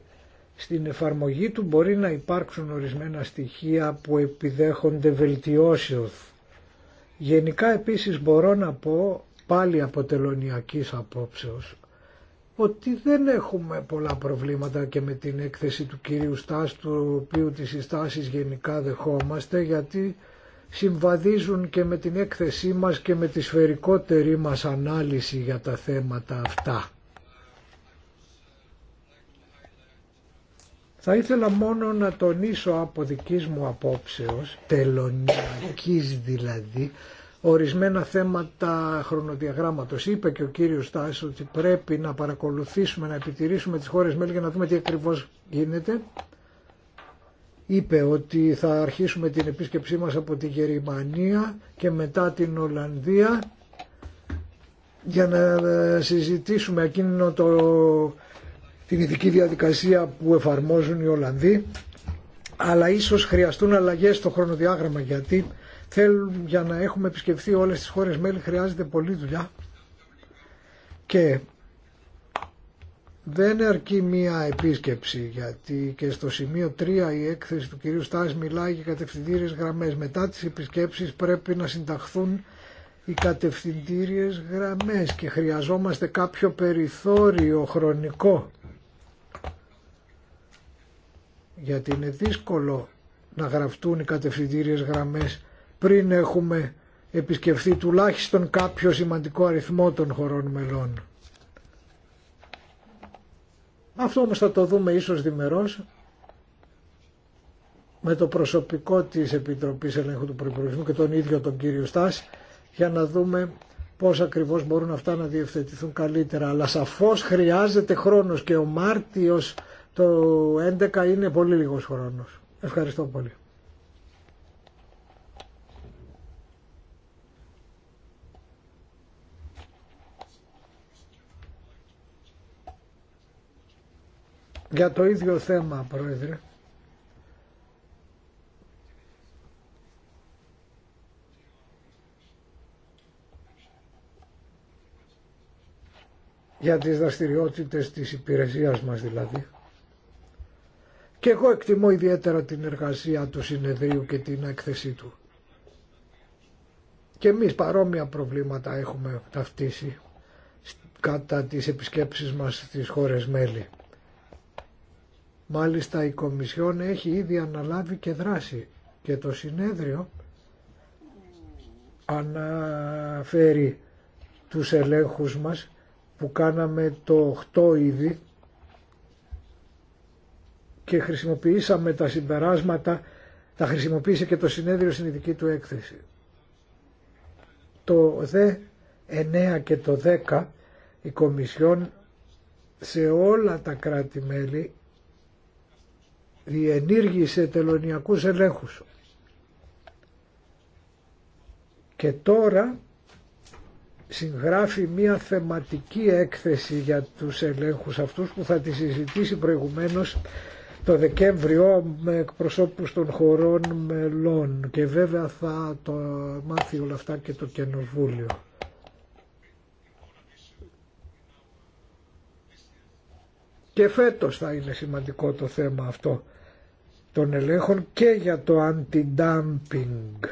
στην εφαρμογή του μπορεί να υπάρξουν ορισμένα στοιχεία που επιδέχονται βελτιώσεως. Γενικά επίσης μπορώ να πω πάλι από τελωνιακής απόψεως ότι δεν έχουμε πολλά προβλήματα και με την έκθεση του κυρίου Στάς του οποίου τις συστάσεις γενικά δεχόμαστε γιατί συμβαδίζουν και με την έκθεσή μας και με τη σφαιρικότερη μας ανάλυση για τα θέματα αυτά. Θα ήθελα μόνο να τονίσω από δικής μου απόψεως, τελωνιακής δηλαδή, ορισμένα θέματα χρονοδιαγράμματος. Είπε και ο κύριος Στάσης ότι πρέπει να παρακολουθήσουμε, να επιτηρήσουμε τις χώρες μέλη για να δούμε τι ακριβώς γίνεται. Είπε ότι θα αρχίσουμε την επίσκεψή μας από τη Γερμανία και μετά την Ολλανδία για να ε, συζητήσουμε εκείνο το την ειδική διαδικασία που εφαρμόζουν οι Ολλανδοί αλλά ίσως χρειαστούν αλλαγές στο χρονοδιάγραμμα γιατί θέλουν, για να έχουμε επισκεφθεί όλες τις χώρες μέλη χρειάζεται πολλή δουλειά και δεν αρκεί μία επίσκεψη γιατί και στο σημείο 3 η έκθεση του κυρίου Στάς μιλάει για κατευθυντήριες γραμμές. Μετά τις επισκέψεις πρέπει να συνταχθούν οι κατευθυντήριες γραμμές και χρειαζόμαστε κάποιο περιθώριο χρονικό γιατί είναι δύσκολο να γραφτούν οι κατευθυντήριες γραμμές πριν έχουμε επισκεφθεί τουλάχιστον κάποιο σημαντικό αριθμό των χωρών μελών. Αυτό όμως θα το δούμε ίσως διμερώς με το προσωπικό της Επιτροπής Ελέγχου του Προϋπολογισμού και τον ίδιο τον κύριο Στάς για να δούμε πώς ακριβώς μπορούν αυτά να διευθετηθούν καλύτερα. Αλλά σαφώς χρειάζεται χρόνος και ο Μάρτιος το 11 είναι πολύ λίγος χρόνος. Ευχαριστώ πολύ. Για το ίδιο θέμα, Πρόεδρε. για τις δραστηριότητες της υπηρεσίας μας δηλαδή. Και εγώ εκτιμώ ιδιαίτερα την εργασία του συνεδρίου και την έκθεσή του. Και εμείς παρόμοια προβλήματα έχουμε ταυτίσει κατά τις επισκέψεις μας στις χώρες μέλη. Μάλιστα η Κομισιόν έχει ήδη αναλάβει και δράση και το συνέδριο αναφέρει τους ελέγχους μας που κάναμε το 8 ήδη και χρησιμοποιήσαμε τα συμπεράσματα, τα χρησιμοποίησε και το συνέδριο στην ειδική του έκθεση. Το δε 9 και το 10 η Κομισιόν σε όλα τα κράτη-μέλη διενήργησε τελωνιακούς ελέγχους. Και τώρα συγγράφει μία θεματική έκθεση για τους ελέγχους αυτούς που θα τη συζητήσει προηγουμένως το Δεκέμβριο με εκπροσώπους των χωρών μελών και βέβαια θα το μάθει όλα αυτά και το Κενοβούλιο. Και φέτος θα είναι σημαντικό το θέμα αυτό των ελέγχων και για το αντι-dumping.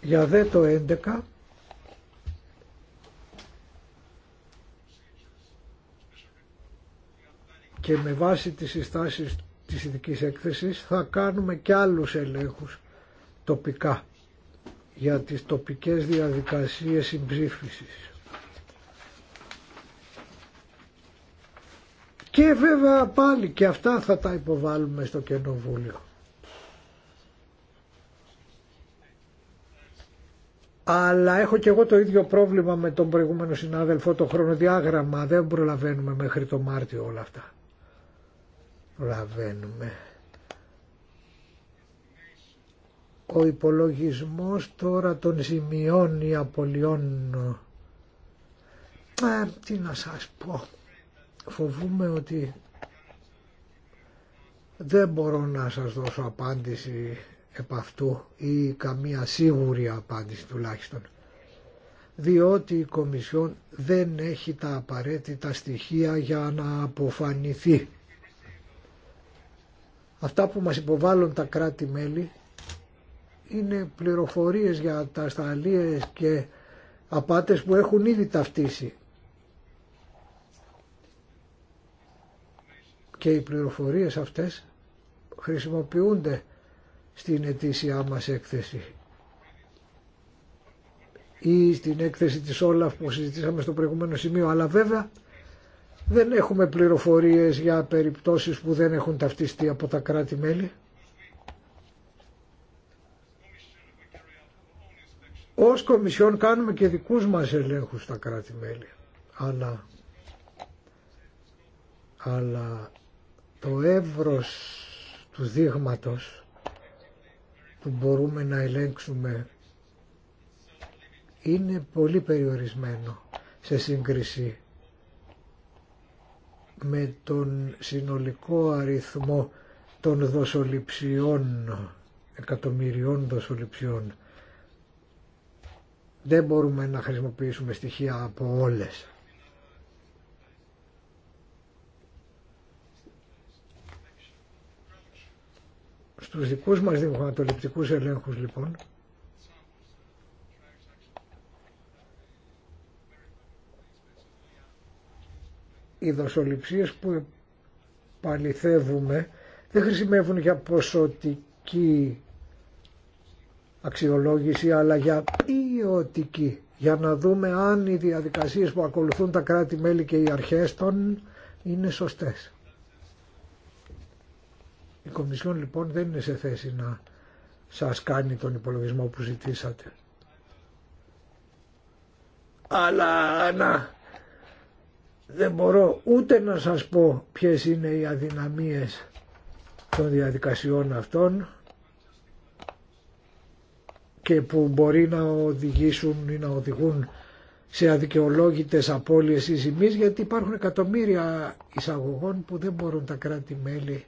Για δε το 11 και με βάση τις συστάσεις της ειδικής έκθεσης θα κάνουμε και άλλους ελέγχους τοπικά για τις τοπικές διαδικασίες συμψήφισης. Και βέβαια πάλι και αυτά θα τα υποβάλουμε στο Κοινοβούλιο. Αλλά έχω και εγώ το ίδιο πρόβλημα με τον προηγούμενο συνάδελφο, το χρονοδιάγραμμα. Δεν προλαβαίνουμε μέχρι το Μάρτιο όλα αυτά προλαβαίνουμε. Ο υπολογισμός τώρα των ζημιών ή απολειών, τι να σας πω, φοβούμαι ότι δεν μπορώ να σας δώσω απάντηση επ' αυτού ή καμία σίγουρη απάντηση τουλάχιστον διότι η Κομισιόν δεν έχει τα απαραίτητα στοιχεία για να αποφανηθεί Αυτά που μας υποβάλλουν τα κράτη-μέλη είναι πληροφορίες για τα σταλίες και απάτες που έχουν ήδη ταυτίσει. Και οι πληροφορίες αυτές χρησιμοποιούνται στην ετήσια μας έκθεση ή στην έκθεση της Όλαφ που συζητήσαμε στο προηγούμενο σημείο αλλά βέβαια δεν έχουμε πληροφορίες για περιπτώσεις που δεν έχουν ταυτιστεί από τα κράτη-μέλη. Ως Κομισιόν κάνουμε και δικούς μας ελέγχους στα κράτη-μέλη. Αλλά, αλλά το εύρος του δείγματος που μπορούμε να ελέγξουμε είναι πολύ περιορισμένο σε σύγκριση με τον συνολικό αριθμό των δοσοληψιών, εκατομμυριών δοσοληψιών. Δεν μπορούμε να χρησιμοποιήσουμε στοιχεία από όλες. Στους δικούς μας δημοκρατοληπτικούς ελέγχους λοιπόν, οι δοσοληψίες που παληθεύουμε δεν χρησιμεύουν για ποσοτική αξιολόγηση αλλά για ποιοτική για να δούμε αν οι διαδικασίες που ακολουθούν τα κράτη-μέλη και οι αρχές των είναι σωστές. Η Κομισιόν λοιπόν δεν είναι σε θέση να σας κάνει τον υπολογισμό που ζητήσατε. Αλλά να, δεν μπορώ ούτε να σας πω ποιες είναι οι αδυναμίες των διαδικασιών αυτών και που μπορεί να οδηγήσουν ή να οδηγούν σε αδικαιολόγητες απώλειες ή ζημίες γιατί υπάρχουν εκατομμύρια εισαγωγών που δεν μπορούν τα κράτη-μέλη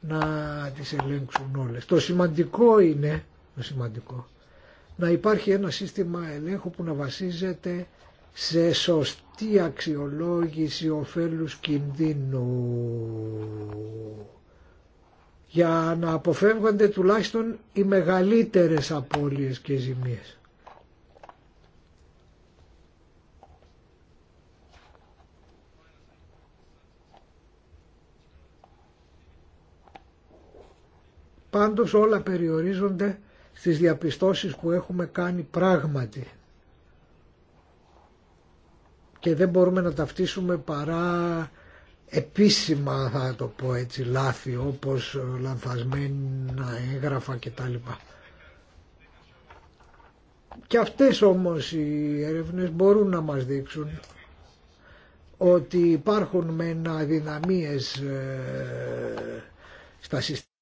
να τις ελέγξουν όλες. Το σημαντικό είναι το σημαντικό, να υπάρχει ένα σύστημα ελέγχου που να βασίζεται σε σωστή αξιολόγηση ωφέλους κινδύνου για να αποφεύγονται τουλάχιστον οι μεγαλύτερες απώλειες και ζημίες. Πάντως όλα περιορίζονται στις διαπιστώσεις που έχουμε κάνει πράγματι και δεν μπορούμε να ταυτίσουμε παρά επίσημα θα το πω έτσι λάθη όπως λανθασμένα έγγραφα κτλ. Και αυτές όμως οι έρευνες μπορούν να μας δείξουν ότι υπάρχουν μεν αδυναμίες ε, στα συστήματα